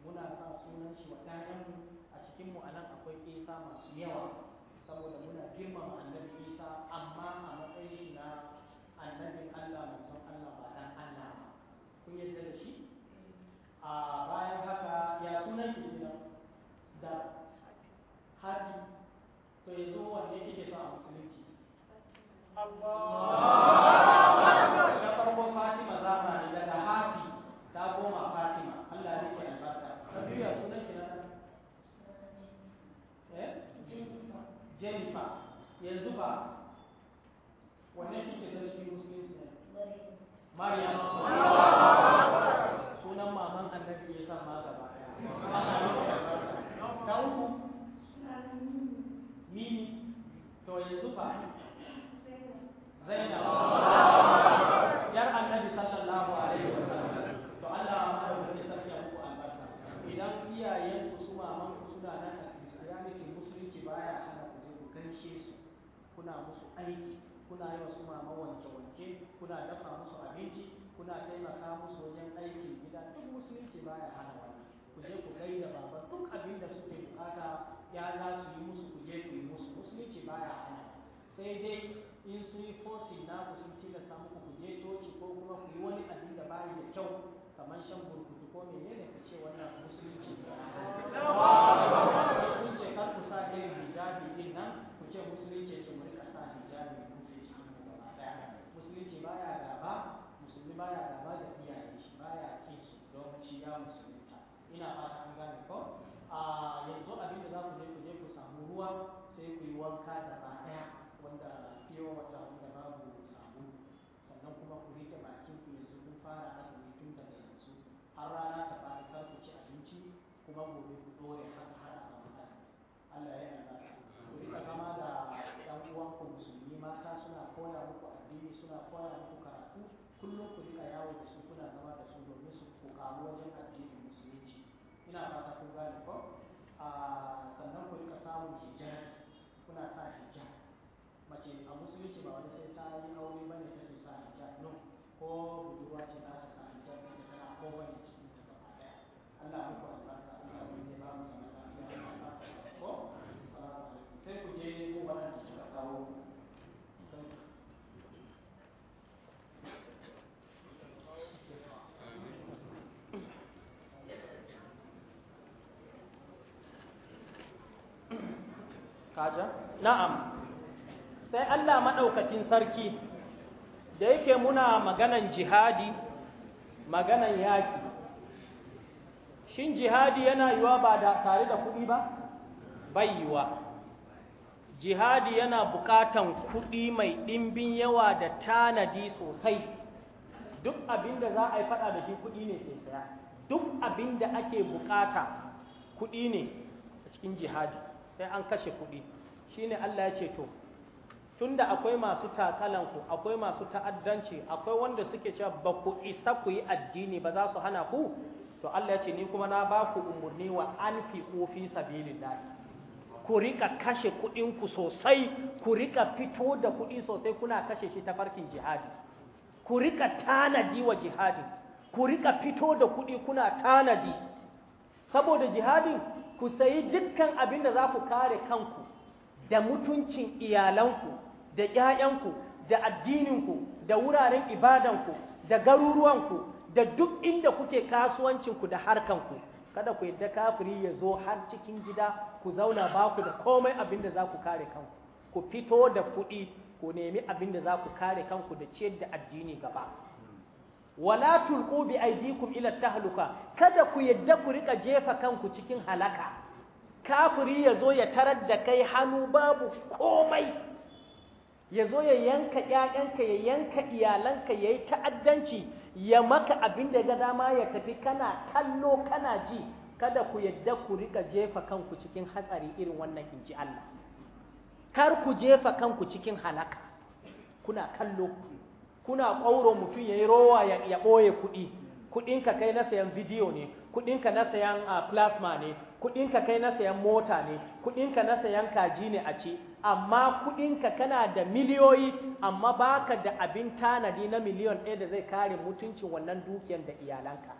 muna sa sunan shi wa 'ya'yanmu cikin mu anan akwai isa masu yawa saboda muna girmama annabi isa amma a matsayin shi na annabin allah mutum allah ba dan allah ba kun yarda da shi a bayan haka ya sunan ki da hadi to yanzu wanne kike sa a musulunci Allah gane ko sannan ku rika samun hijab kuna sa hijab mace a musulunci ba wani sai ta yi aure ba ne take sa hijab no ko budurwa ce za ta sa hijab ne tana kowane cikin ta gaba daya Allah muku albarka Allah mun ne ba mu sanar da ko sai ku je ko da suka kawo kaja na'am sai Allah maɗaukacin sarki da yake muna maganan jihadi maganan yaki shin jihadi yana yiwa ba da tare da kuɗi ba bai yiwa jihadi yana buƙatan kuɗi mai ɗimbin yawa da tanadi sosai duk abinda za a yi faɗa da shi kuɗi ne ke saya duk abinda ake buƙata kuɗi ne a cikin jihadi sai an kashe kuɗi shine Allah ya ce to tunda akwai masu takalanku akwai masu ta'addanci akwai wanda suke cewa ba ku isa ku yi addini ba za su hana ku to Allah ya ce ni kuma na ba ku umarni wa anfiqu fi sabilillah ku rika kashe kuɗinku sosai ku rika fito da kuɗi sosai kuna kashe shi ta farkin jihadi ku rika tanadi wa jihadi ku rika fito da kuɗi kuna tanadi saboda jihadin ku sayi dukkan abin da za ku kare kanku da mutuncin iyalanku da ƴaƴanku da addininku da wuraren ibadanku da garuruwanku da duk inda kuke kasuwancinku da harkanku kada ku yadda kafiri ya zo har cikin gida ku zauna ba ku da komai abin da za ku kare kanku ku fito da kuɗi ku nemi abin da za ku kare kanku da ciyar da addini gaba wala tulqu bi aydikum ila tahluka kada ku yadda ku rika jefa kanku cikin halaka kafiri yazo ya tarar da kai hannu babu komai yazo ya yanka 'ya'yanka, ya yanka iyalanka yayi ta'addanci ya maka abin da ga dama ya tafi kana kallo kana ji kada ku yadda ku rika jefa kanku cikin hatsari irin wannan inji Allah kar ku jefa kanku cikin halaka kuna kallo kuna ƙauro mutum ya yi rowa ya ɓoye kuɗi kuɗinka kai na sayan bidiyo ne kuɗinka na sayan ah, plasma ne kuɗinka kai na sayan mota ne kuɗinka na sayan kaji ne a ce amma kuɗinka kana da miliyoyi amma baka da abin tanadi na miliyon ɗaya da zai kare mutuncin wannan dukiyar da iyalanka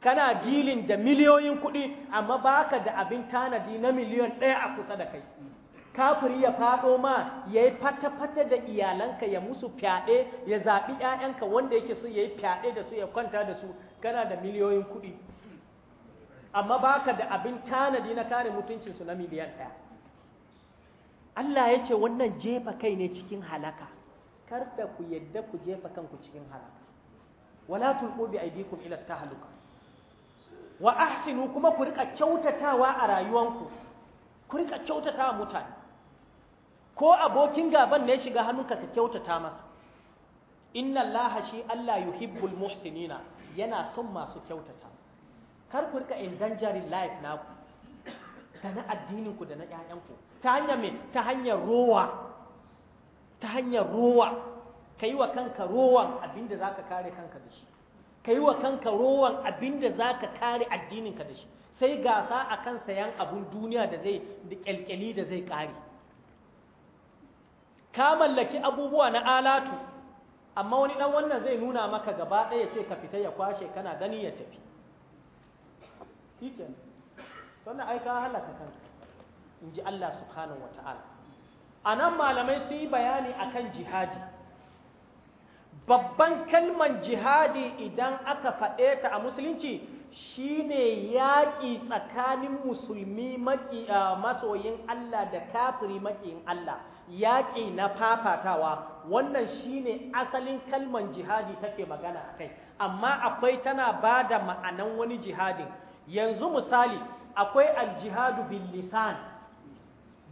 kana dilin da miliyoyin kuɗi amma baka da abin tanadi na miliyon ɗaya a kusa da kai kafiri ya faɗo ma ya yi fata-fata da iyalanka ya musu fyaɗe ya zaɓi ‘ya'yanka wanda yake so ya yi fyaɗe da su ya kwanta da su kana da miliyoyin kuɗi amma ba ka da abin tanadi na kare mutuncinsu na miliyan ɗaya Allah ya ce wannan jefa kai ne cikin halaka kar da ku yadda ku jefa kanku cikin halaka wala tulqu bi aydikum ila tahluka wa ahsinu kuma ku rika kyautatawa a rayuwanku ku rika kyautatawa mutane ko abokin gaban ne shiga hannunka ka kyautata masa inna allaha shi Allah yuhibbul muhsinina yana son masu kyautata kar ku rika endangering life naku da na addinin ku da na ku ta hanyar me ta hanyar rowa ta hanyar rowa kai wa kanka rowan abinda zaka kare kanka da shi kai kanka rowan abinda zaka kare addinin ka da shi sai gasa akan sayan abun duniya da zai da kyalkyali da zai kare ka mallaki abubuwa na alatu amma wani dan wannan zai nuna maka gaba ɗaya ce ka fita ya kwashe kana gani ya tafi shikenan sannan ai ka halaka in ji Allah subhanahu wata'ala a nan malamai sun yi bayani akan jihadi babban kalman jihadi idan aka faɗe ta a musulunci shine yaƙi tsakanin musulmi ah, masoyin Allah da kafiri maƙiyin Allah yaƙi na fafatawa wannan shine asalin kalman jihadi take magana a kai amma akwai tana ba da ma'anan wani jihadin yanzu misali akwai aljihadu bil lisan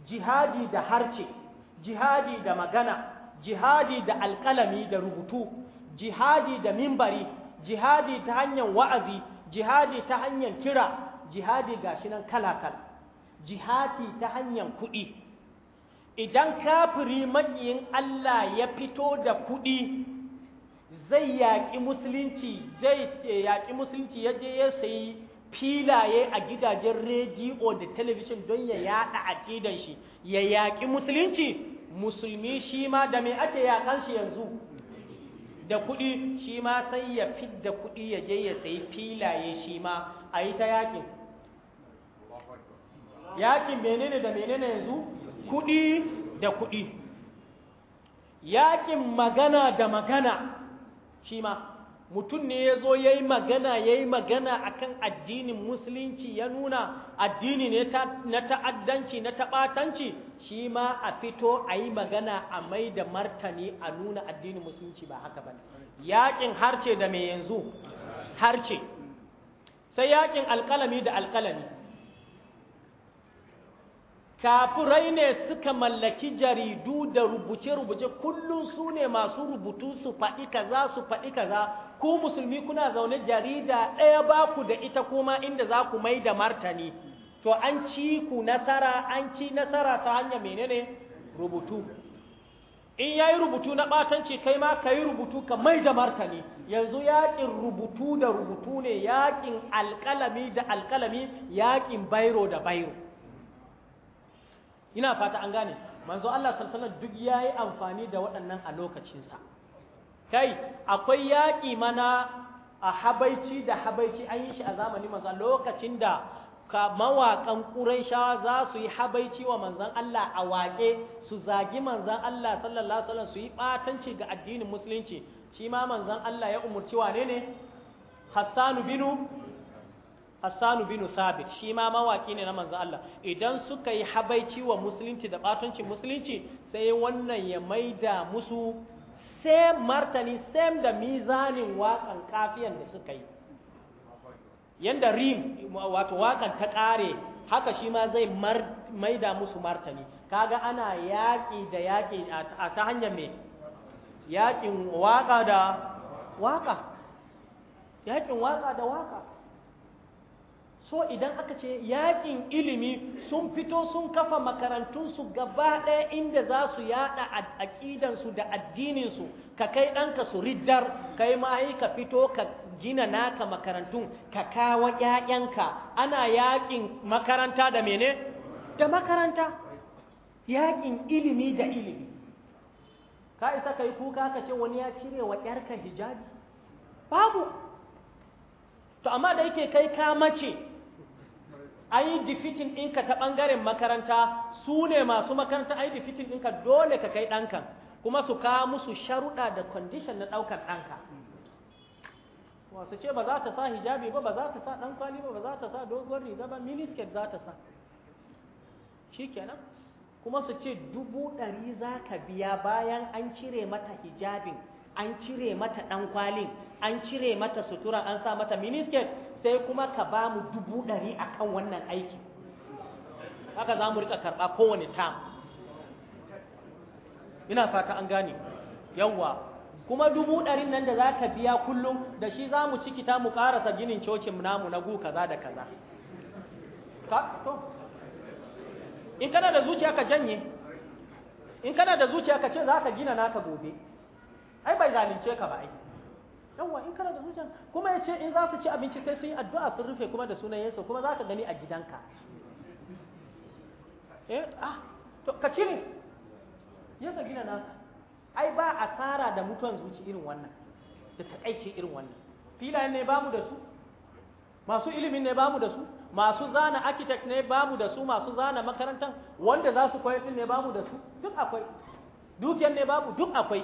jihadi da harce jihadi da magana jihadi da alƙalami da rubutu jihadi da mimbari jihadi ta hanyar wa'azi jihadi ta hanyar kira jihadi gashi nan kala-kala jihadi ta hanyar kuɗi idan kafiri maƙiyin Allah ya fito da kuɗi zai yaƙi musulunci zai yaƙi musulunci ya je ya sayi filaye a gidajen rediyo da talabishin don ya yaɗa aƙidan shi ya yaƙi musulunci musulmi shi ma da mai ake yaƙan shi yanzu da kuɗi shi ma sai ya fidda kuɗi ya je ya sayi filaye shi ma a yi ta yaƙin yaƙin menene da menene yanzu kuɗi da kuɗi yaƙin magana da magana shi ma mutum ne ya zo ya yi magana ya yi magana akan addinin musulunci ya nuna addini ne na ta'addanci na taɓatanci shi ma a fito a yi magana a mai da martani a nuna addinin musulunci ba haka ba yakin harce da mai yanzu harce sai yakin alƙalami da alƙalami kafirai ne suka mallaki jaridu da rubuce-rubuce kullum su ne masu rubutu su faɗi kaza su faɗi kaza ku musulmi kuna zaune jarida ɗaya ba ku da ita kuma inda za ku mai da martani to an ci ku nasara an ci nasara ta hanyar menene rubutu in ya yi rubutu na ɓatanci kai ma ka yi rubutu ka mai da martani yanzu yaƙin rubutu da rubutu ne yaƙin alƙalami da alƙalami yaƙin bairo da bairo ina fata an gane manzo Allah sallallahu duk yayi amfani da waɗannan a lokacinsa kai akwai yaki mana a habaici da habaici an yi shi a zamanin manzo lokacin da ka mawakan Quraisha za su yi habaici wa manzon Allah a waƙe su zagi manzon Allah sallallahu alaihi wasallam su yi batanci ga addinin musulunci shi ma manzon Allah ya umurci wane ne Hassanu binu Hassanu bin Sabit shi ma mawaki ne na manzo Allah idan suka yi habaici wa musulunci da batunci musulunci sai wannan ya maida musu same martani same da mizanin wakan kafiyan da suka yi yanda rim wato wakan ta kare haka shi ma zai maida musu martani kaga ana yaƙi da yaƙi a ta hanyar mai yaƙin waka da waka yakin waka da waka so idan aka ce yakin ilimi sun fito sun kafa makarantunsu gaba ɗaya inda za su yaɗa aƙidansu da addininsu ka kai ɗanka su riddar kai ma yi ka fito ka gina naka makarantun ka kawo ƴaƴanka ana yakin makaranta da mene da makaranta yakin ilimi da ilimi ka isa ka yi kuka ka ce wani ya cire wa ƴarka hijabi babu to amma da yake kai ka mace an yi difitin ɗinka ta ɓangaren makaranta su ne masu makaranta ai yi difitin ɗinka dole ka kai ɗanka kuma su kawo musu sharuɗa da kwandishan na ɗaukar ɗanka wasu ce ba za ta sa hijabi ba ba za ta sa ɗan ba ba za ta sa doguwar riga ba minisket za ta sa shi kenan kuma su ce dubu ɗari za ka biya bayan an cire mata hijabin an cire mata ɗan an cire mata sutura an sa mata minisket sai kuma ka ba mu dubu ɗari a kan wannan aiki haka za mu rika karɓa kowane tam ina fata an gane yawwa kuma dubu ɗarin nan da za ka biya kullum da shi za mu ciki ta mu ƙarasa ginin cocin namu na gu kaza da kaza in kana da zuciya ka janye in kana da zuciya ka ce za ka gina naka gobe ai bai zalunce ka ba ai yawwa in kana da hujjan kuma ya ce in za su ci abinci sai sun yi addu'a sun rufe kuma da sunan Yesu kuma za ka gani a gidanka eh ah to ka ci ne ya gina nasa ai ba asara da mutuwan zuci irin wannan da takaice irin wannan filayen ne ba mu da su masu ilimin ne ba mu da su masu zana architect ne ba mu da su masu zana makarantar wanda za su koyar ne ba mu da su duk akwai dukiyar ne ba mu duk akwai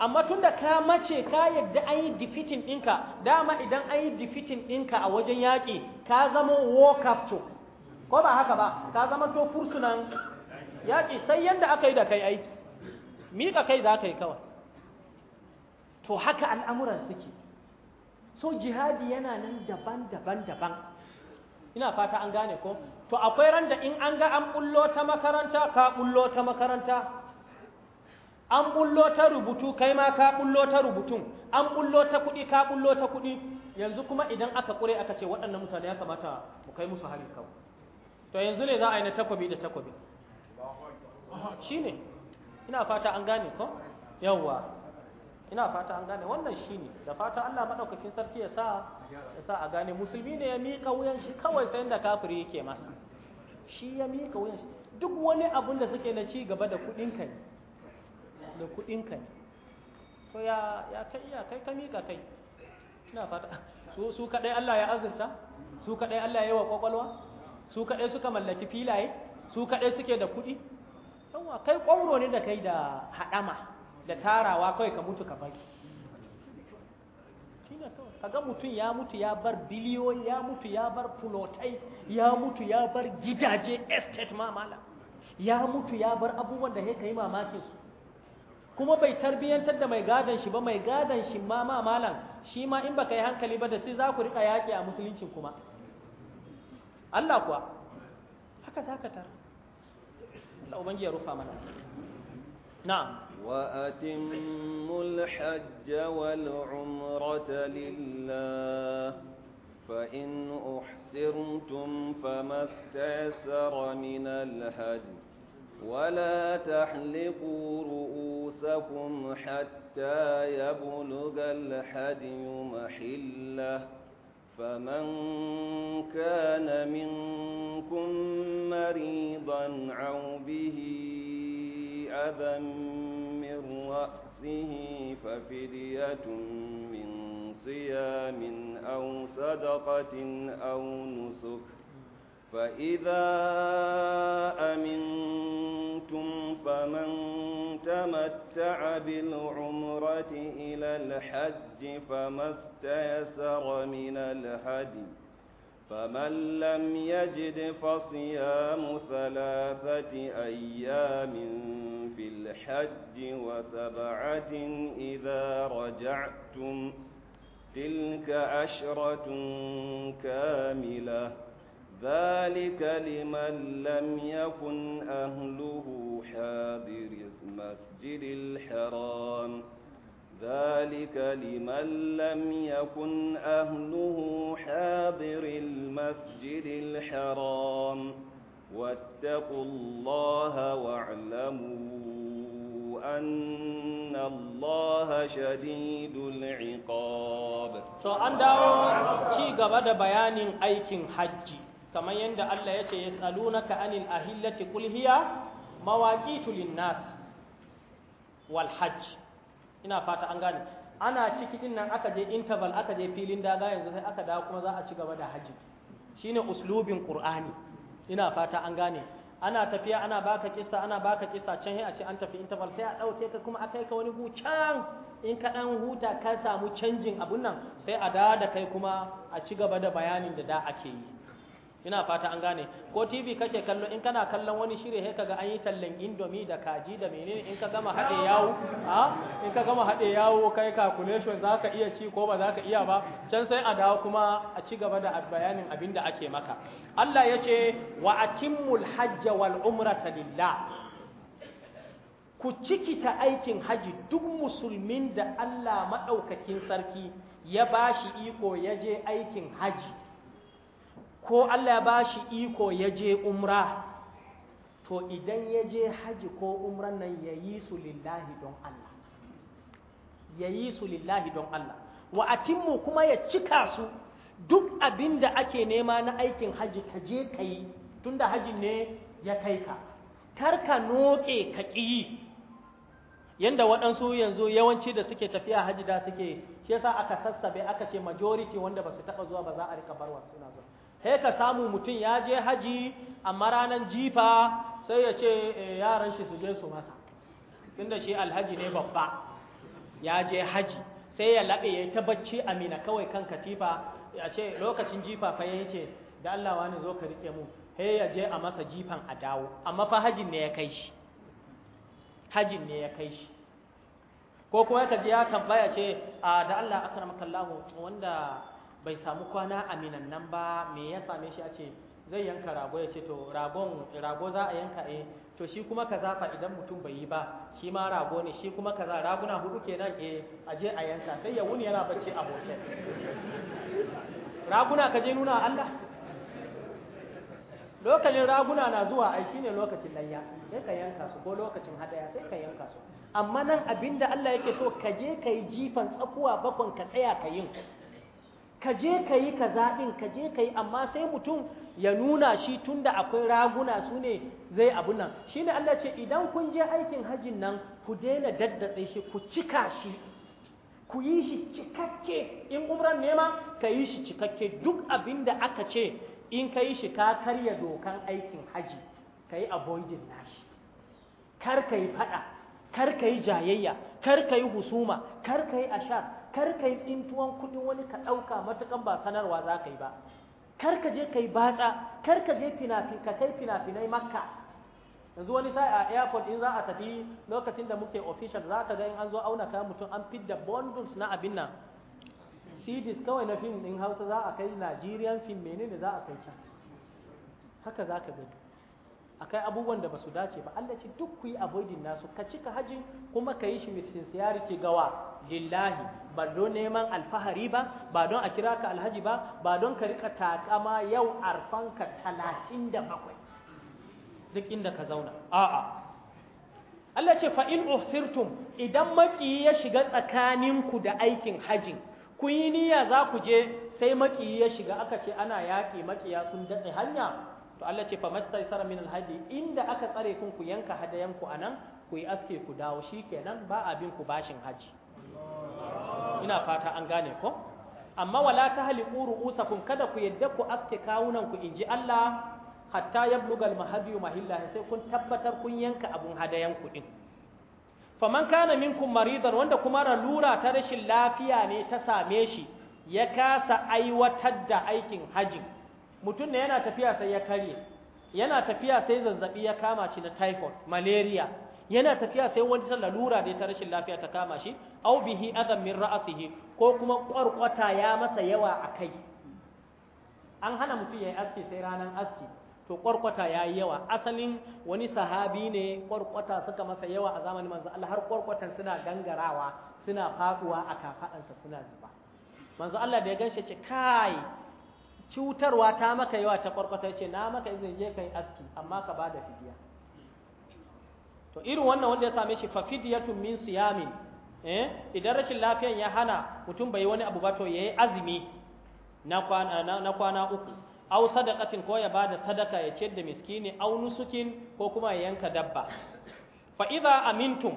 amma tun da ka mace ka yadda an yi defeating ɗinka dama idan an yi defeating ɗinka a wajen yaƙi ka zama war capture ko ba haka ba ka zama to fursunan yaƙi sai yadda aka yi da kai aiki miƙa kai za ka yi kawai to haka al'amuran suke so jihadi yana nan daban-daban-daban ina fata an gane ko to akwai randa in an ga an ɓullo ta makaranta ka ɓullo ta makaranta an bullo ta rubutu kai ma ka bullo ta rubutun an bullo ta kuɗi ka bullo ta kuɗi yanzu kuma idan aka ƙure aka ce waɗannan mutane ya kamata mu kai musu hari kawo to yanzu ne za a yi na takwabi da takwabi ne ina fata an gane ko yawwa ina fata an gane wannan shi ne da fata Allah maɗaukakin sarki ya sa ya sa a gane musulmi ne ya mika wuyan shi kawai sai da kafiri yake masa shi ya mika wuyan shi duk wani abun da suke na ci gaba da kuɗin kai da kuɗinka ne to ya ya kai ya kai ka mika kai ina fata su su kadai Allah ya azurta su kadai Allah ya yi wa ƙwaƙwalwa? su kadai suka mallaki filaye su kadai suke da kuɗi yawa kai kwauro ne da kai da haɗama da tarawa kawai ka mutu ka bari kaga mutum ya mutu ya bar biliyoyi ya mutu ya bar fulotai ya mutu ya bar gidaje estate ma mala ya mutu ya bar abubuwan da ya kai mamakin su kuma bai tarbiyantar da mai gadon shi ba mai gadon shi ma ma malam shi ma in baka yi hankali ba da sai za ku rika yaƙi a musulunci kuma Allah kuwa haka za ka tara Allah ubangi ya rufa mana na'am wal الحج lillah لله فإن أحسرتم فما استيسر من الهدي ولا تحلقوا رؤوسكم حتى يبلغ الحدي محله فمن كان منكم مريضا أو به أبا من رأسه ففدية من صيام أو صدقة أو نسك فإذا أمنتم فمن تمتع بالعمرة إلى الحج فما استيسر من الهدي فمن لم يجد فصيام ثلاثة أيام في الحج وسبعة إذا رجعتم تلك عشرة كاملة ذلك لمن لم يكن أهله حاضر المسجد الحرام ذلك لمن لم يكن أهله حاضر المسجد الحرام واتقوا الله واعلموا أن الله شديد العقاب so أنا أقول لك أن da bayanin kamar yadda Allah ya ce ya na anil a qul hiya mawaƙi tulin nas walhaj. ina fata an gane ana ciki din nan aka je interval aka je filin daga yanzu sai aka dawo kuma za a ci gaba da Shi shine uslubin qur'ani ina fata an gane ana tafiya ana baka kissa ana baka kissa can a ce an tafi interval sai a dauke ka kuma akai ka wani gucan in ka dan huta ka samu canjin abun nan sai a dawo da kai kuma a ci gaba da bayanin da da ake yi ina fata an gane ko tv kake kallo in kana kallon wani shiri sai kaga an yi tallan indomi da kaji da menene in ka gama haɗe yawo a in ka gama haɗe yawo kai calculation zaka iya ci ko ba zaka iya ba can sai a dawo kuma a ci gaba da bayanin abin da ake maka Allah ya ce wa atimmul hajj wal umrata lillah ku cikita aikin haji duk musulmin da Allah madaukakin sarki ya bashi iko ya je aikin haji ko Allah ya bashi iko ya je umra to idan ya je haji ko umran nan yayi yi su lillahi don Allah ya su lillahi don Allah wa atimmu kuma ya cika su duk abin da ake nema na aikin haji ka je ka yi tun ne ya kai ka kar ka noke ka ƙi yanda waɗansu yanzu yawanci da suke tafiya haji da suke shi yasa aka sassabe aka ce majority wanda ba su taɓa zuwa ba za a rika barwa suna zuwa sai ka samu mutum ya je haji amma ranar jifa sai ya ce eh, yaran shi su je su masa inda shi alhaji ne babba ya je haji sai ya laɓe ya yi ta barci amina kawai kan katifa ya ce lokacin jifa fa ya ce da Allah wani zo ka riƙe mu sai ya je a masa jifan a dawo amma fa hajin ne ya kai shi hajin ne ya kai shi ko kuma ka ji ya baya ce a da Allah akramaka Allah wanda bai samu kwana a minan nan ba me ya same shi a ce zai yanka rago ya ce to ragon rago za a yanka eh to shi kuma ka zafa idan mutum bai yi ba shi ma rago ne shi kuma kaza raguna hudu kenan eh a je a yanka sai ya wuni yana bacci a hotel raguna ka je nuna Allah lokacin raguna na zuwa ai shine lokacin layya sai ka yanka su ko lokacin hadaya sai ka yanka su amma nan abinda Allah yake so ka je ka yi jifan tsakuwa bakon ka tsaya ka yin ka je ka yi kayi ka je ka yi amma sai mutum ya nuna shi tunda akwai raguna su ne zai abu nan shi ne Allah ce idan kun je aikin hajjin nan ku daina daddatse shi ku cika shi ku yi shi cikakke in umran nema ka yi shi cikakke duk abin da aka ce in ka yi shi ka karya dokan aikin haji ka yi avoiding nashi kar ka yi faɗa kar ka yi jayayya kar ka yi husuma kar ka yi ashar kar ka yi tsintuwan kuɗin wani ka ɗauka matukan ba sanarwa za ka yi ba kar ka je ka yi batsa kar ka je finafin ka kai finafinai makka yanzu wani sai a airport in za a tafi lokacin da muke official za ka ga in an zo auna ka mutum an da bundles na abin nan cds kawai na fim ɗin hausa za a kai nigerian fim menene za a kai can haka za ka gani akai abubuwan da ba su dace ba Allah ce duk ku yi avoiding nasu ka cika hajji kuma ka yi shi with sincerity gawa lillahi ba don neman alfahari ba ba don a kira ka alhaji ba ba don ka rika takama yau arfanka talatin da bakwai duk inda ka zauna a'a Allah ce fa in usirtum idan maki ya shiga tsakaninku da aikin hajin ku yi niyya za ku je sai maki ya shiga aka ce ana yaƙi makiya sun datse hanya to Allah ce fa mastaisara min alhaji inda aka tsare kun ku yanka hadayanku anan ku yi aske ku dawo shikenan ba abin ku bashin haji ina fata an gane ko amma wala ta haliku ru'usakum kada ku yadda ku aske kawunan ku inji Allah hatta yabluga al-mahdi mahilla sai kun tabbatar kun yanka abun hadayan ku din faman kana minkum maridan wanda kuma ralura ta rashin lafiya ne ta same shi ya kasa aiwatar da aikin hajin mutum ne yana tafiya sai ya karye yana tafiya sai zazzabi ya kama shi na typhoid malaria yana tafiya sai wani ta lura da ta rashin lafiya ta kama shi aw bihi adam min ra'asihi ko kuma kwarkwata ya masa yawa a kai an hana mutum yayi aski sai ranan aski to kwarkwata ya yi yawa asalin wani sahabi ne kwarkwata suka masa yawa a zamanin manzo Allah har kwarkwatan suna gangarawa suna faduwa a kafadansa suna zuba manzo Allah da ya ganshi ce kai cutarwa ta maka yawa ta kwarkwata ce na maka izini je kai aski amma ka bada fidiya to irin wannan wanda ya same shi fafidiyatun ya min siyamin eh idan rashin lafiyan ya hana mutum bai wani abu ba to yayi azumi na kwana na kwana uku au sadaqatin ko ya bada sadaka ya ce da miskini au nusukin ko kuma ya yanka dabba fa idza amintum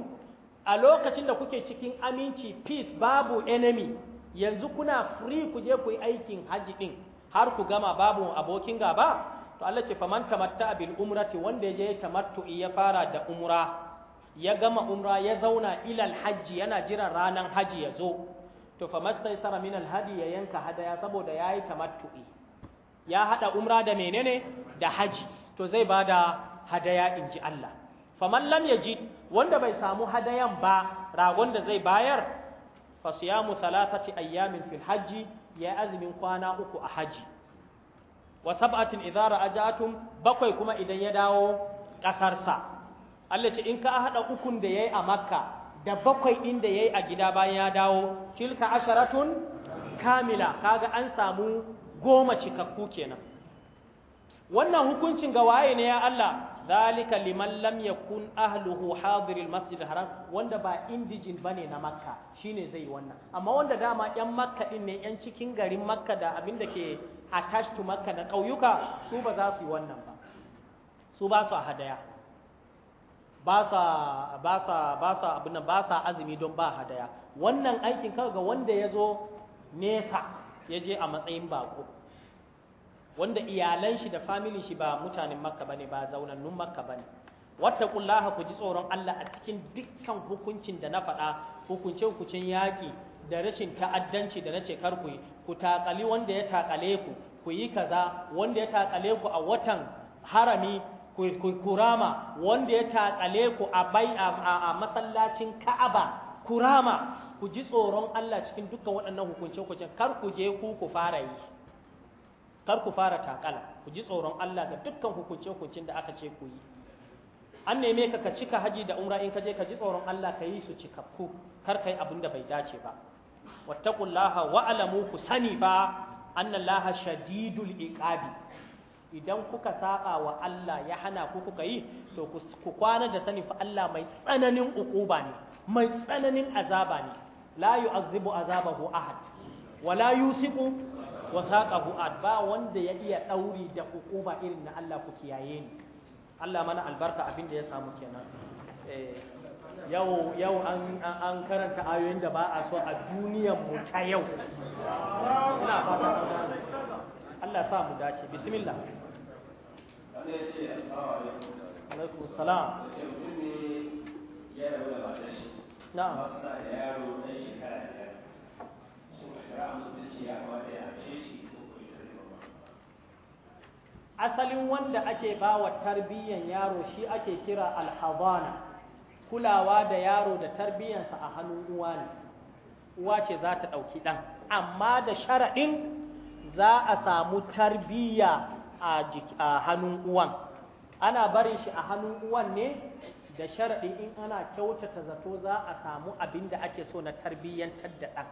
a lokacin da kuke cikin aminci peace babu enemy yanzu kuna free ku je ku yi aikin haji din har ku gama babu abokin gaba to Allah ce faman tamatta bil umrati wanda ya je tamattu'i ya fara da umra ya gama umra ya zauna ilal hajji yana jiran ranan haji ya zo to fa mastaysara min al ya yanka hadaya saboda yayi tamattu'i ya hada umra da menene da haji to zai bada hadaya inji Allah faman lam yajid wanda bai samu hadayan ba ragon da zai bayar fa siyamu thalathati ayyamin fil hajji ya azumin kwana uku a haji wa sab'atin idza ra'ajatum bakwai kuma idan ya dawo ƙasarsa Allah ce in ka haɗa ukun da yayi a Makka da bakwai din da yayi a gida bayan ya dawo tilka asharatun kamila kaga an samu goma cikakku kenan wannan hukuncin ga waye ne ya Allah zalika liman lam yakun ahluhu hadiril masjid haram wanda ba indijin bane na makka shine zai wannan amma wanda dama yan makka din ne yan cikin garin makka da abin da ke attached to makka da kauyuka su ba za su yi wannan ba su ba su a hadaya ba sa ba sa ba sa abin ba sa azumi don ba hadaya wannan aikin kaga wanda ya zo nesa ya je a matsayin bako wanda iyalan shi da family shi ba mutanen makka bane ba zaunannun makka bane kullaha ku ji tsoron Allah a cikin dukkan hukuncin da na faɗa hukunce hukuncin yaƙi da rashin ta'addanci da nace kar ku ku takali wanda ya takale ku ku yi kaza wanda ya takale ku a watan harami ku kurama wanda ya takale ku a bai a masallacin Ka'aba kurama ku ji tsoron Allah cikin dukkan waɗannan hukunce hukuncin kar ku je ku ku fara yi kar ku fara takala ku ji tsoron Allah ga dukkan hukunce-hukuncin da aka ce ku yi an neme ka ka cika haji da umra in ka je ka ji tsoron Allah ka yi su cikakku kar kai abin da bai dace ba wattaqullaha alamu ku sani fa annallaha shadidul iqabi idan kuka saba wa Allah ya hana ku kuka yi to ku kwana da sani fa Allah mai tsananin uquba ne mai tsananin azaba ne la yu'azzibu azabahu ahad wala yusiku wa saqahu ba wanda ya iya dauri da hukuma irin na Allah ku kiyaye ni Allah mana albarka abin da ya samu kenan eh, yau yau an an karanta ayoyin da ba a so a duniyar mu ta yau ina fata Allah sa mu dace bismillah alaikum salam ya da yaro na'am asalin wanda ake ba wa tarbiyyan yaro shi ake kira alhazana kulawa da yaro da tarbiyyansa a hannun uwa ne uwa ce za ta ɗauki ɗan amma da sharaɗin za a samu tarbiyya a hannun uwan ana barin shi a hannun uwan ne da sharaɗin in ana kyautata zato za a samu abin da ake so na tarbiyyantar da ɗan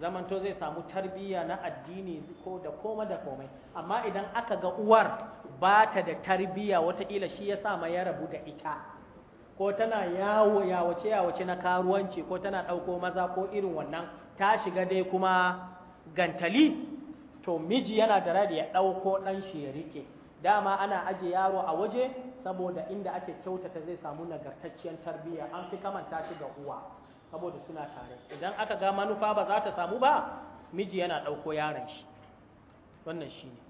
zamanto zai samu tarbiyya na addini ko da koma da komai amma idan aka ga uwar ba ta da tarbiyya wataƙila shi ya sa ya rabu da ita ko tana yawo yawace yawace na karuwanci ko tana ɗauko maza ko irin wannan ta shiga dai kuma gantali to miji yana da radi ya ɗauko ɗan shi ya rike dama ana aje yaro a waje saboda inda ake kyautata zai samu nagartacciyar tarbiyya an fi kamanta shi ga uwa saboda suna tare idan aka ga manufa ba za ta samu ba miji yana ɗauko yaron shi wannan shi ne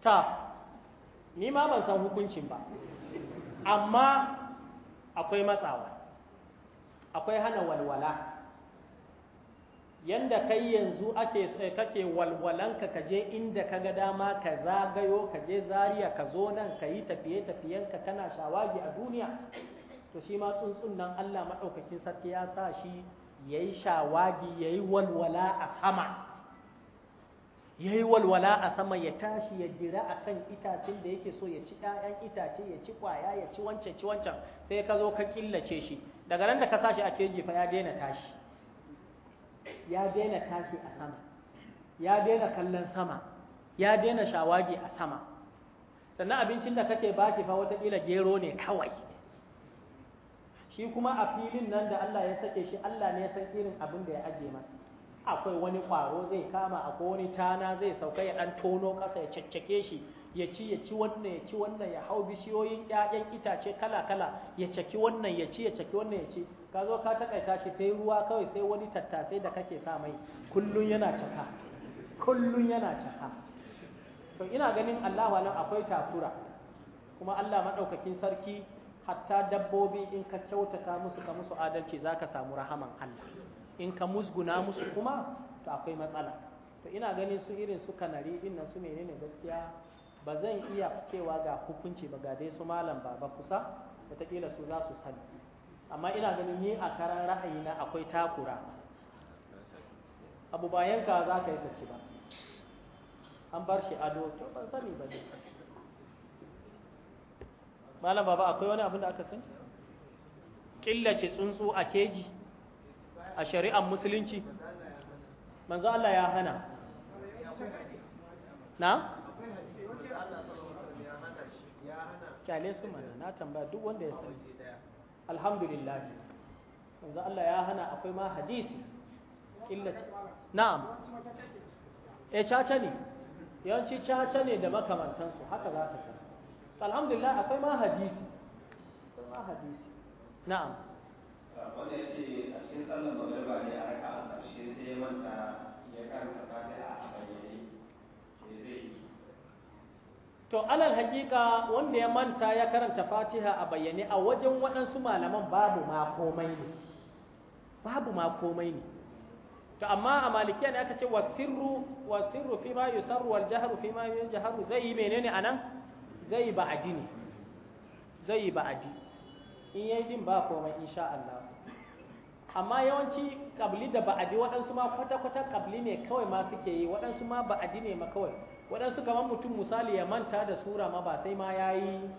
ta ni ma ban san hukuncin ba amma akwai matsawa akwai hana walwala yanda kai yanzu ake eh, kake walwalanka ka je inda ka ga dama ka zagayo ka je zariya ka zo nan ka yi tafiye tafiyenka kana shawagi a duniya to shi ma tsuntsun nan Allah maɗaukakin sarki ya sa shi ya yi shawagi ya yi walwala a sama ya walwala a sama ya tashi ya jira a kan itacen da yake so ya ci ɗayan itace ya ci kwaya ya ci wancan ci wancan sai ka zo ka killace shi daga nan da ka sa shi a keji fa ya daina tashi ya daina tashi a sama ya daina kallon sama ya daina shawagi a sama sannan abincin da kake shi fa watakila gero ne kawai shi kuma a filin nan da Allah ya sake shi Allah ne ya san irin abin da ya aje masa akwai wani kwaro zai kama akwai wani tana zai sauka ya dan tono ƙasa ya caccake shi ya ci ya ci wannan ya ci wannan ya hau bishiyoyin ƴaƴan itace kala kala ya caki wannan ya ci ya caki wannan ya ci ka zo ka takaita shi sai ruwa kawai sai wani tattasai da kake sa mai kullun yana caka kullun yana caka to ina ganin Allah walan akwai takura kuma Allah madaukakin sarki hatta dabbobi in ka kyautata musu ka musu adalci zaka samu rahaman Allah in ka musguna musu kuma to akwai matsala to ina ganin su irin su kanari din nan su menene gaskiya ba zan iya cewa ga hukunci ba ga dai su malam baba kusa wataƙila su za su sani amma ina ganin ni a karan ra'ayina akwai takura abu bayan ka za ka yi ci ba an bar shi ado to ban sani ba malam baba akwai wani abin da aka sani killace tsuntsu a keji a shari'ar musulunci manzo Allah ya hana na kyale su mana na tambaya duk wanda ya sani alhamdulillah yanzu Allah ya hana akwai ma hadisi illa na'am E caca ne yawanci caca ne da makamantansu haka za ka san alhamdulillah akwai ma hadisi akwai ma hadisi na'am wanda ya ce a cikin sallar magriba ne a raka a ƙarshe sai ya manta ya karanta fatiha to alal hakika wanda ya manta ya karanta fatiha a bayyane a wajen waɗansu malaman babu ma komai ne babu ma komai ne to amma a malikiya ne aka ce wasirru wasirru fi ma yusarru wal jahru fi ma yajharu zai yi menene anan zai yi ba'adi ne zai yi ba'adi in yayi din ba komai insha Allah amma yawanci kabli da ba'adi waɗansu ma kwata-kwata kabli ne kawai ma suke yi waɗansu ma ba'adi ne ma kawai waɗansu kamar mutum misali ya manta da sura ma ba sai ma ya yi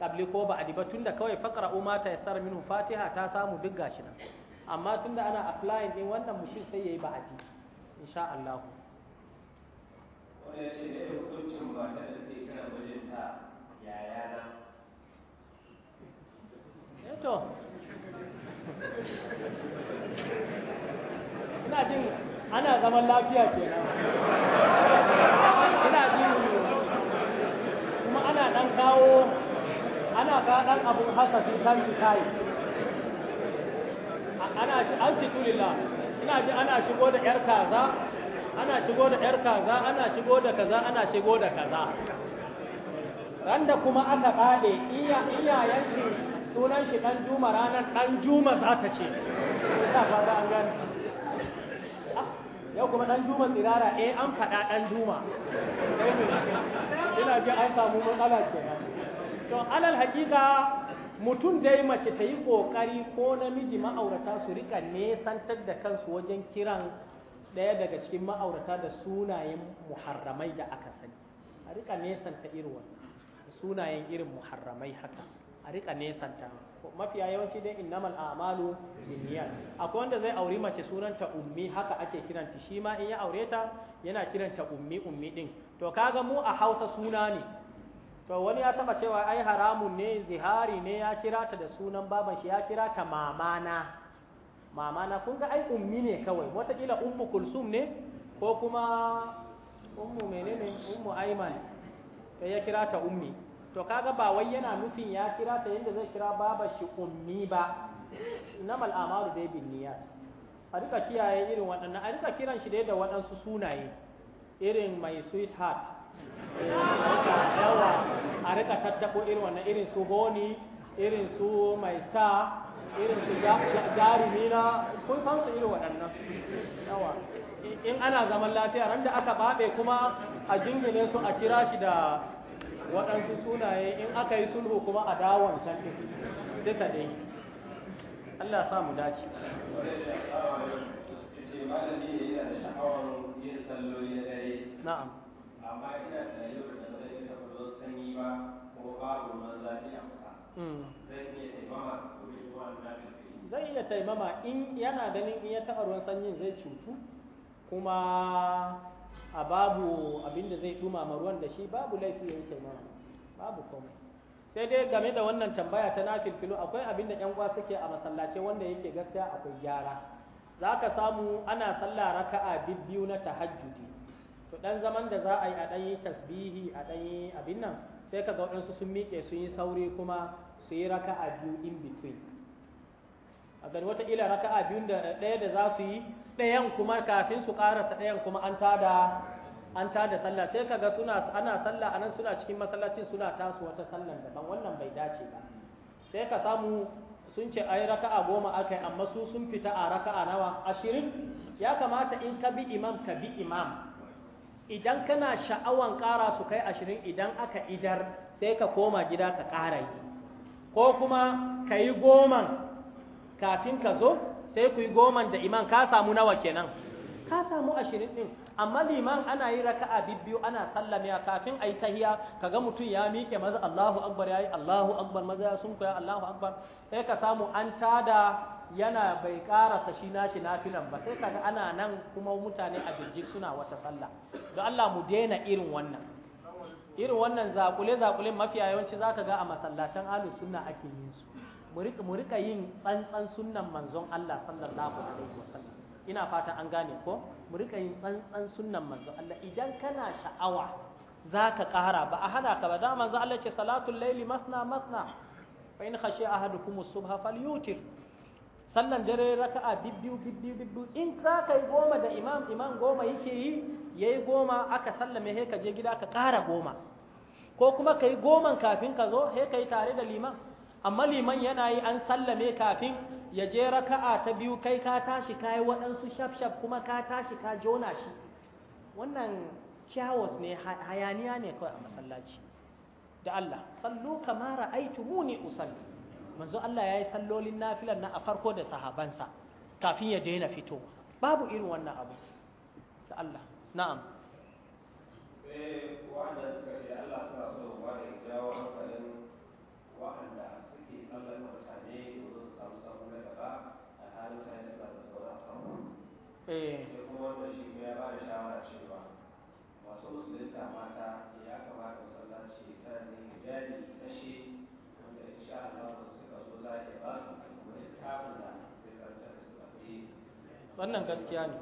kabli ko ba'adi ba tunda kawai fakara umar ta sar minu fatiha ta samu duk gashi nan amma tunda ana applying din wannan mutum sai ya yi ba'adi insha Allah shi ne hukuncin ba ta da yaya eh ina jin ana zaman lafiya kenan ina jin kuma ana dan kawo ana ga dan abun hasafi kan kai ana shi alhamdulillah. ina ji ana shigo da yar kaza ana shigo da yar kaza ana shigo da kaza ana shigo da kaza randa kuma aka iya iyayen shi sunan shi dan juma ranar dan juma za ta ce ina fara an gane ah, yau kuma dan juma tsirara eh an faɗa dan juma ina ji an samu matsala kenan to alal hakika mutum dai mace ta yi kokari ko namiji ma'aurata su rika nesantar da kansu wajen kiran ɗaya daga cikin ma'aurata da sunayen muharramai da aka sani a rika nesanta irin wannan sunayen irin muharramai haka a rika nesanta mafiya yawanci dai innamal a'malu binniyat akwai wanda zai aure mace sunanta ummi haka ake kiranta shi ma in ya aure ta yana kiranta ummi ummi din to kaga mu a Hausa suna ne to wani ya taba cewa ai haramun ne zihari ne ya kira ta da sunan baban shi ya kira ta mamana mamana kun ga ai ummi ne kawai wataƙila ummu kulsum ne ko kuma ummu menene ummu aiman ya kira ta ummi to kaga ba wai yana nufin ya kira ta yadda zai kira baba shi ummi ba inama al'amalu dai bin niyyat a duka kiyaye irin waɗannan a duka kiran shi dai da waɗansu sunaye irin mai sweet heart yawa a rika tattaɓo irin wannan irin su honi irin su mai star irin su jarumi na kun san su irin waɗannan yawa in ana zaman lafiya ran da aka baɗe kuma a jingine su a kira shi da waɗansu sunaye in aka yi sulhu kuma a dawon can ɗin duka dai Allah sa mu dace na'am amma ina da yau da zai saboda sanyi ba ko babu ruwan zafi a kusa zai iya taimama ko bai ruwan zai iya taimama in yana ganin in ya taɓa ruwan sanyin zai cutu kuma a babu abinda zai dumama ruwan da shi babu laifi ya yake mana babu komai sai dai game da wannan tambaya ta nafil filo akwai abinda yan uwa suke a masallace wanda yake gaskiya akwai gyara zaka samu ana sallah raka'a biyu na tahajjudi to dan zaman da za a yi a dan yi tasbihi a dan yi abin nan sai kaga ga waɗansu sun miƙe sun yi sauri kuma su yi raka'a biyu in between a gani ila raka'a biyun da ɗaya da za su yi ɗayan kuma kafin su ƙarasa ɗayan kuma an tada an tada sallah sai kaga suna ana sallah anan suna cikin masallacin suna tasu wata sallan daban wannan bai dace ba sai ka samu sun ce ai raka'a goma akai amma su sun fita a raka'a nawa ashirin ya kamata in ka bi imam ka bi imam idan kana sha'awan ƙara su kai ashirin idan aka idar sai ka koma gida ka ƙara yi ko kuma ka yi goman kafin ka zo sai ku yi goman da iman ka samu nawa kenan ka samu ashirin din amma liman ana yi raka'a bibbiyu ana sallamiya kafin ayi tahiya ka ga mutum ya mike maza Allahu akbar yayi Allahu akbar maza ya sunku ya Allahu akbar sai ka samu an tada yana bai karasa shi nashi nafilan ba sai kaga ana nan kuma mutane a birjik suna wata sallah don Allah mu daina irin wannan irin wannan zaƙule zakule mafiya yawanci zaka ga a masallatan alu sunna ake yin su mu rika yin tsantsan sunnan manzon Allah sallallahu alaihi wasallam ina fata an gane ko mu rika yin tsantsan sunnan manzon Allah idan kana sha'awa zaka ƙara ba a hana ka ba da manzon Allah ce salatul laili masna masna fa in khashi ahadukum as-subha falyutir sallan dare raka'a bibbiu bibbiu bibbiu in ka kai goma da imam imam goma yake yi yayi goma aka sallame he ka je gida ka ƙara goma ko kuma kai goman kafin ka zo he kai tare da liman amma liman yana yi an sallame kafin ya je raka'a ta biyu kai ka tashi ka yi waɗansu shafshaf kuma ka tashi ka jona shi wannan kyawos ne hayaniya ne kawai a masallaci da Allah sallu kama ra'aitu muni usalli manzo Allah ya yi sallolin nafilan na a farko da sahabansa kafin ya daina fito babu irin wannan abu da Allah na'am sai wanda suka ce Allah suna so ba da jawo hankalin wa'anda ɓangaren mutane su gaba a halin mutane ba da eh. shawara ne Allah ba wannan gaskiya ne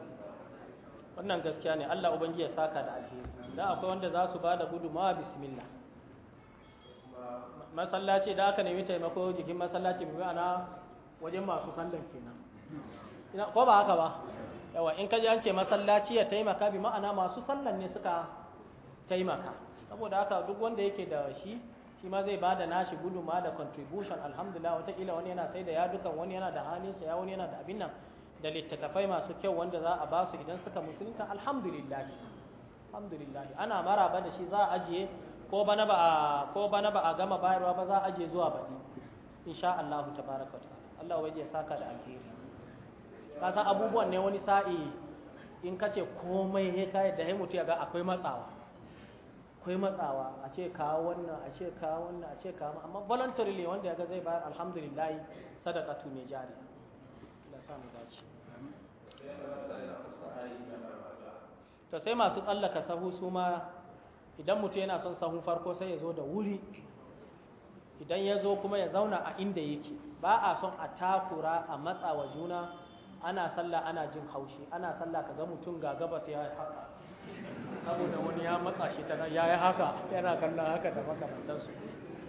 wannan gaskiya ne Allah ubangiji ya saka da alheri dan akwai wanda za su gudu gudumawa bismillah masallaci da aka nemi taimako jikin masallaci bi wajen masu sallan kenan ko ba haka ba yawa in ka ji an ce masallaci ya taimaka bi ma'ana masu sallan ne suka taimaka saboda haka duk wanda yake da shi shi ma zai bada nashi guduma da contribution alhamdulillah wataƙila wani yana sai da yadukan wani yana da halin saya wani yana da abin nan da littattafai masu kyau wanda za a ba su idan suka musulunta alhamdulillah alhamdulillah ana maraba da shi za a ajiye ko bana ba ko bana ba a gama bayarwa ba za a je zuwa baɗi insha Allah tabaraka wa ta'ala Allah waje ya saka da alheri ka san abubuwan ne wani sa'i in ka ce komai ya kai da mutu ya ga akwai matsawa akwai matsawa a ce kawo wannan a ce kawo wannan a ce kawo amma voluntarily wanda ya ga zai bayar alhamdulillah tu mai jari Allah sa mu dace to sai masu tsallaka sahu su ma idan mutum yana son sahun farko sai ya zo da wuri idan ya zo kuma ya zauna a inda yake ba a son a takura a matsa wa juna ana sallah ana jin haushi ana sallah ka ga mutum ga gabas ya yi haka saboda wani ya matsa shi ta ya yi haka yana kallon haka da makamantansu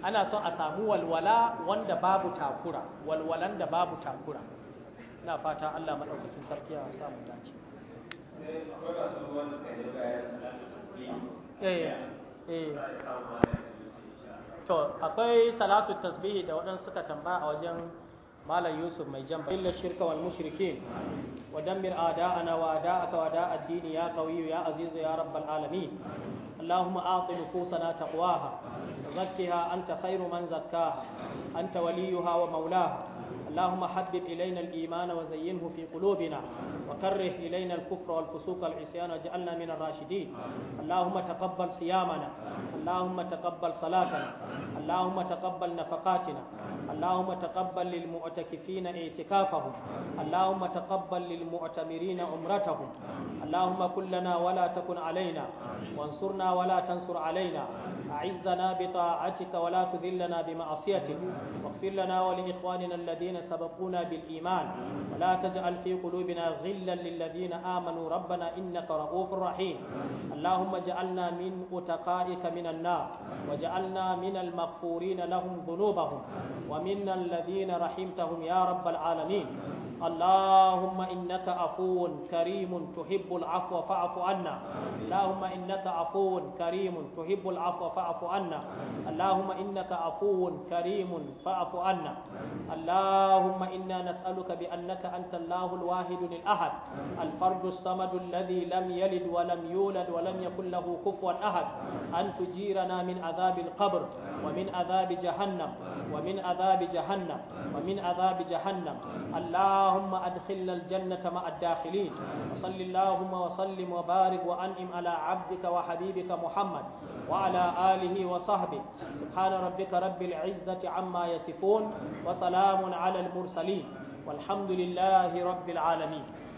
ana son a samu walwala wanda babu takura walwalan da babu takura ina fata Allah maɗaukakin sarki ya samu dace. eh eh to akwai salatu tasbihi da waɗansu suka tambaya a wajen malam yusuf mai jamba illa shirka wal mushrikin wa dammir a'da'ana wa a'da'aka wa da'a ad ya qawiyyu ya azizu ya rabbal alamin اللهم أعط نفوسنا تقواها وزكها أنت خير من anta أنت hawa ومولاها اللهم حبب إلينا الإيمان وزينه في قلوبنا وكره إلينا الكفر والفسوق والعصيان واجعلنا من الراشدين اللهم تقبل صيامنا اللهم تقبل صلاتنا اللهم تقبل نفقاتنا اللهم تقبل للمعتكفين اعتكافهم اللهم تقبل للمعتمرين عمرتهم اللهم كن لنا ولا تكن علينا وانصرنا ولا تنصر علينا أعزنا بطاعتك ولا تذلنا بمعصيتك واغفر لنا ولإخواننا الذين سبقونا بالإيمان ولا تجعل في قلوبنا غلا للذين آمنوا ربنا إنك رؤوف رحيم اللهم اجعلنا من أتقائك من النار وجعلنا من المغفورين لهم ذنوبهم ومن الذين رحمتهم يا رب العالمين اللهم إنك عفو كريم تحب العفو فاعف عنا اللهم إنك عفو كريم تحب العفو فاعف عنا اللهم إنك عفو كريم فاعف عنا اللهم إنا نسألك بأنك أنت الله الواحد الأحد الفرد الصمد الذي لم يلد ولم يولد ولم يكن له كفوا أحد أن تجيرنا من عذاب القبر ومن عذاب جهنم ومن عذاب جهنم ومن عذاب جهنم الله اللهم أدخلنا الجنة مع الداخلين وصل اللهم وسلم وبارك وأنعم على عبدك وحبيبك محمد وعلى آله وصحبه سبحان ربك رب العزة عما يصفون وسلام على المرسلين والحمد لله رب العالمين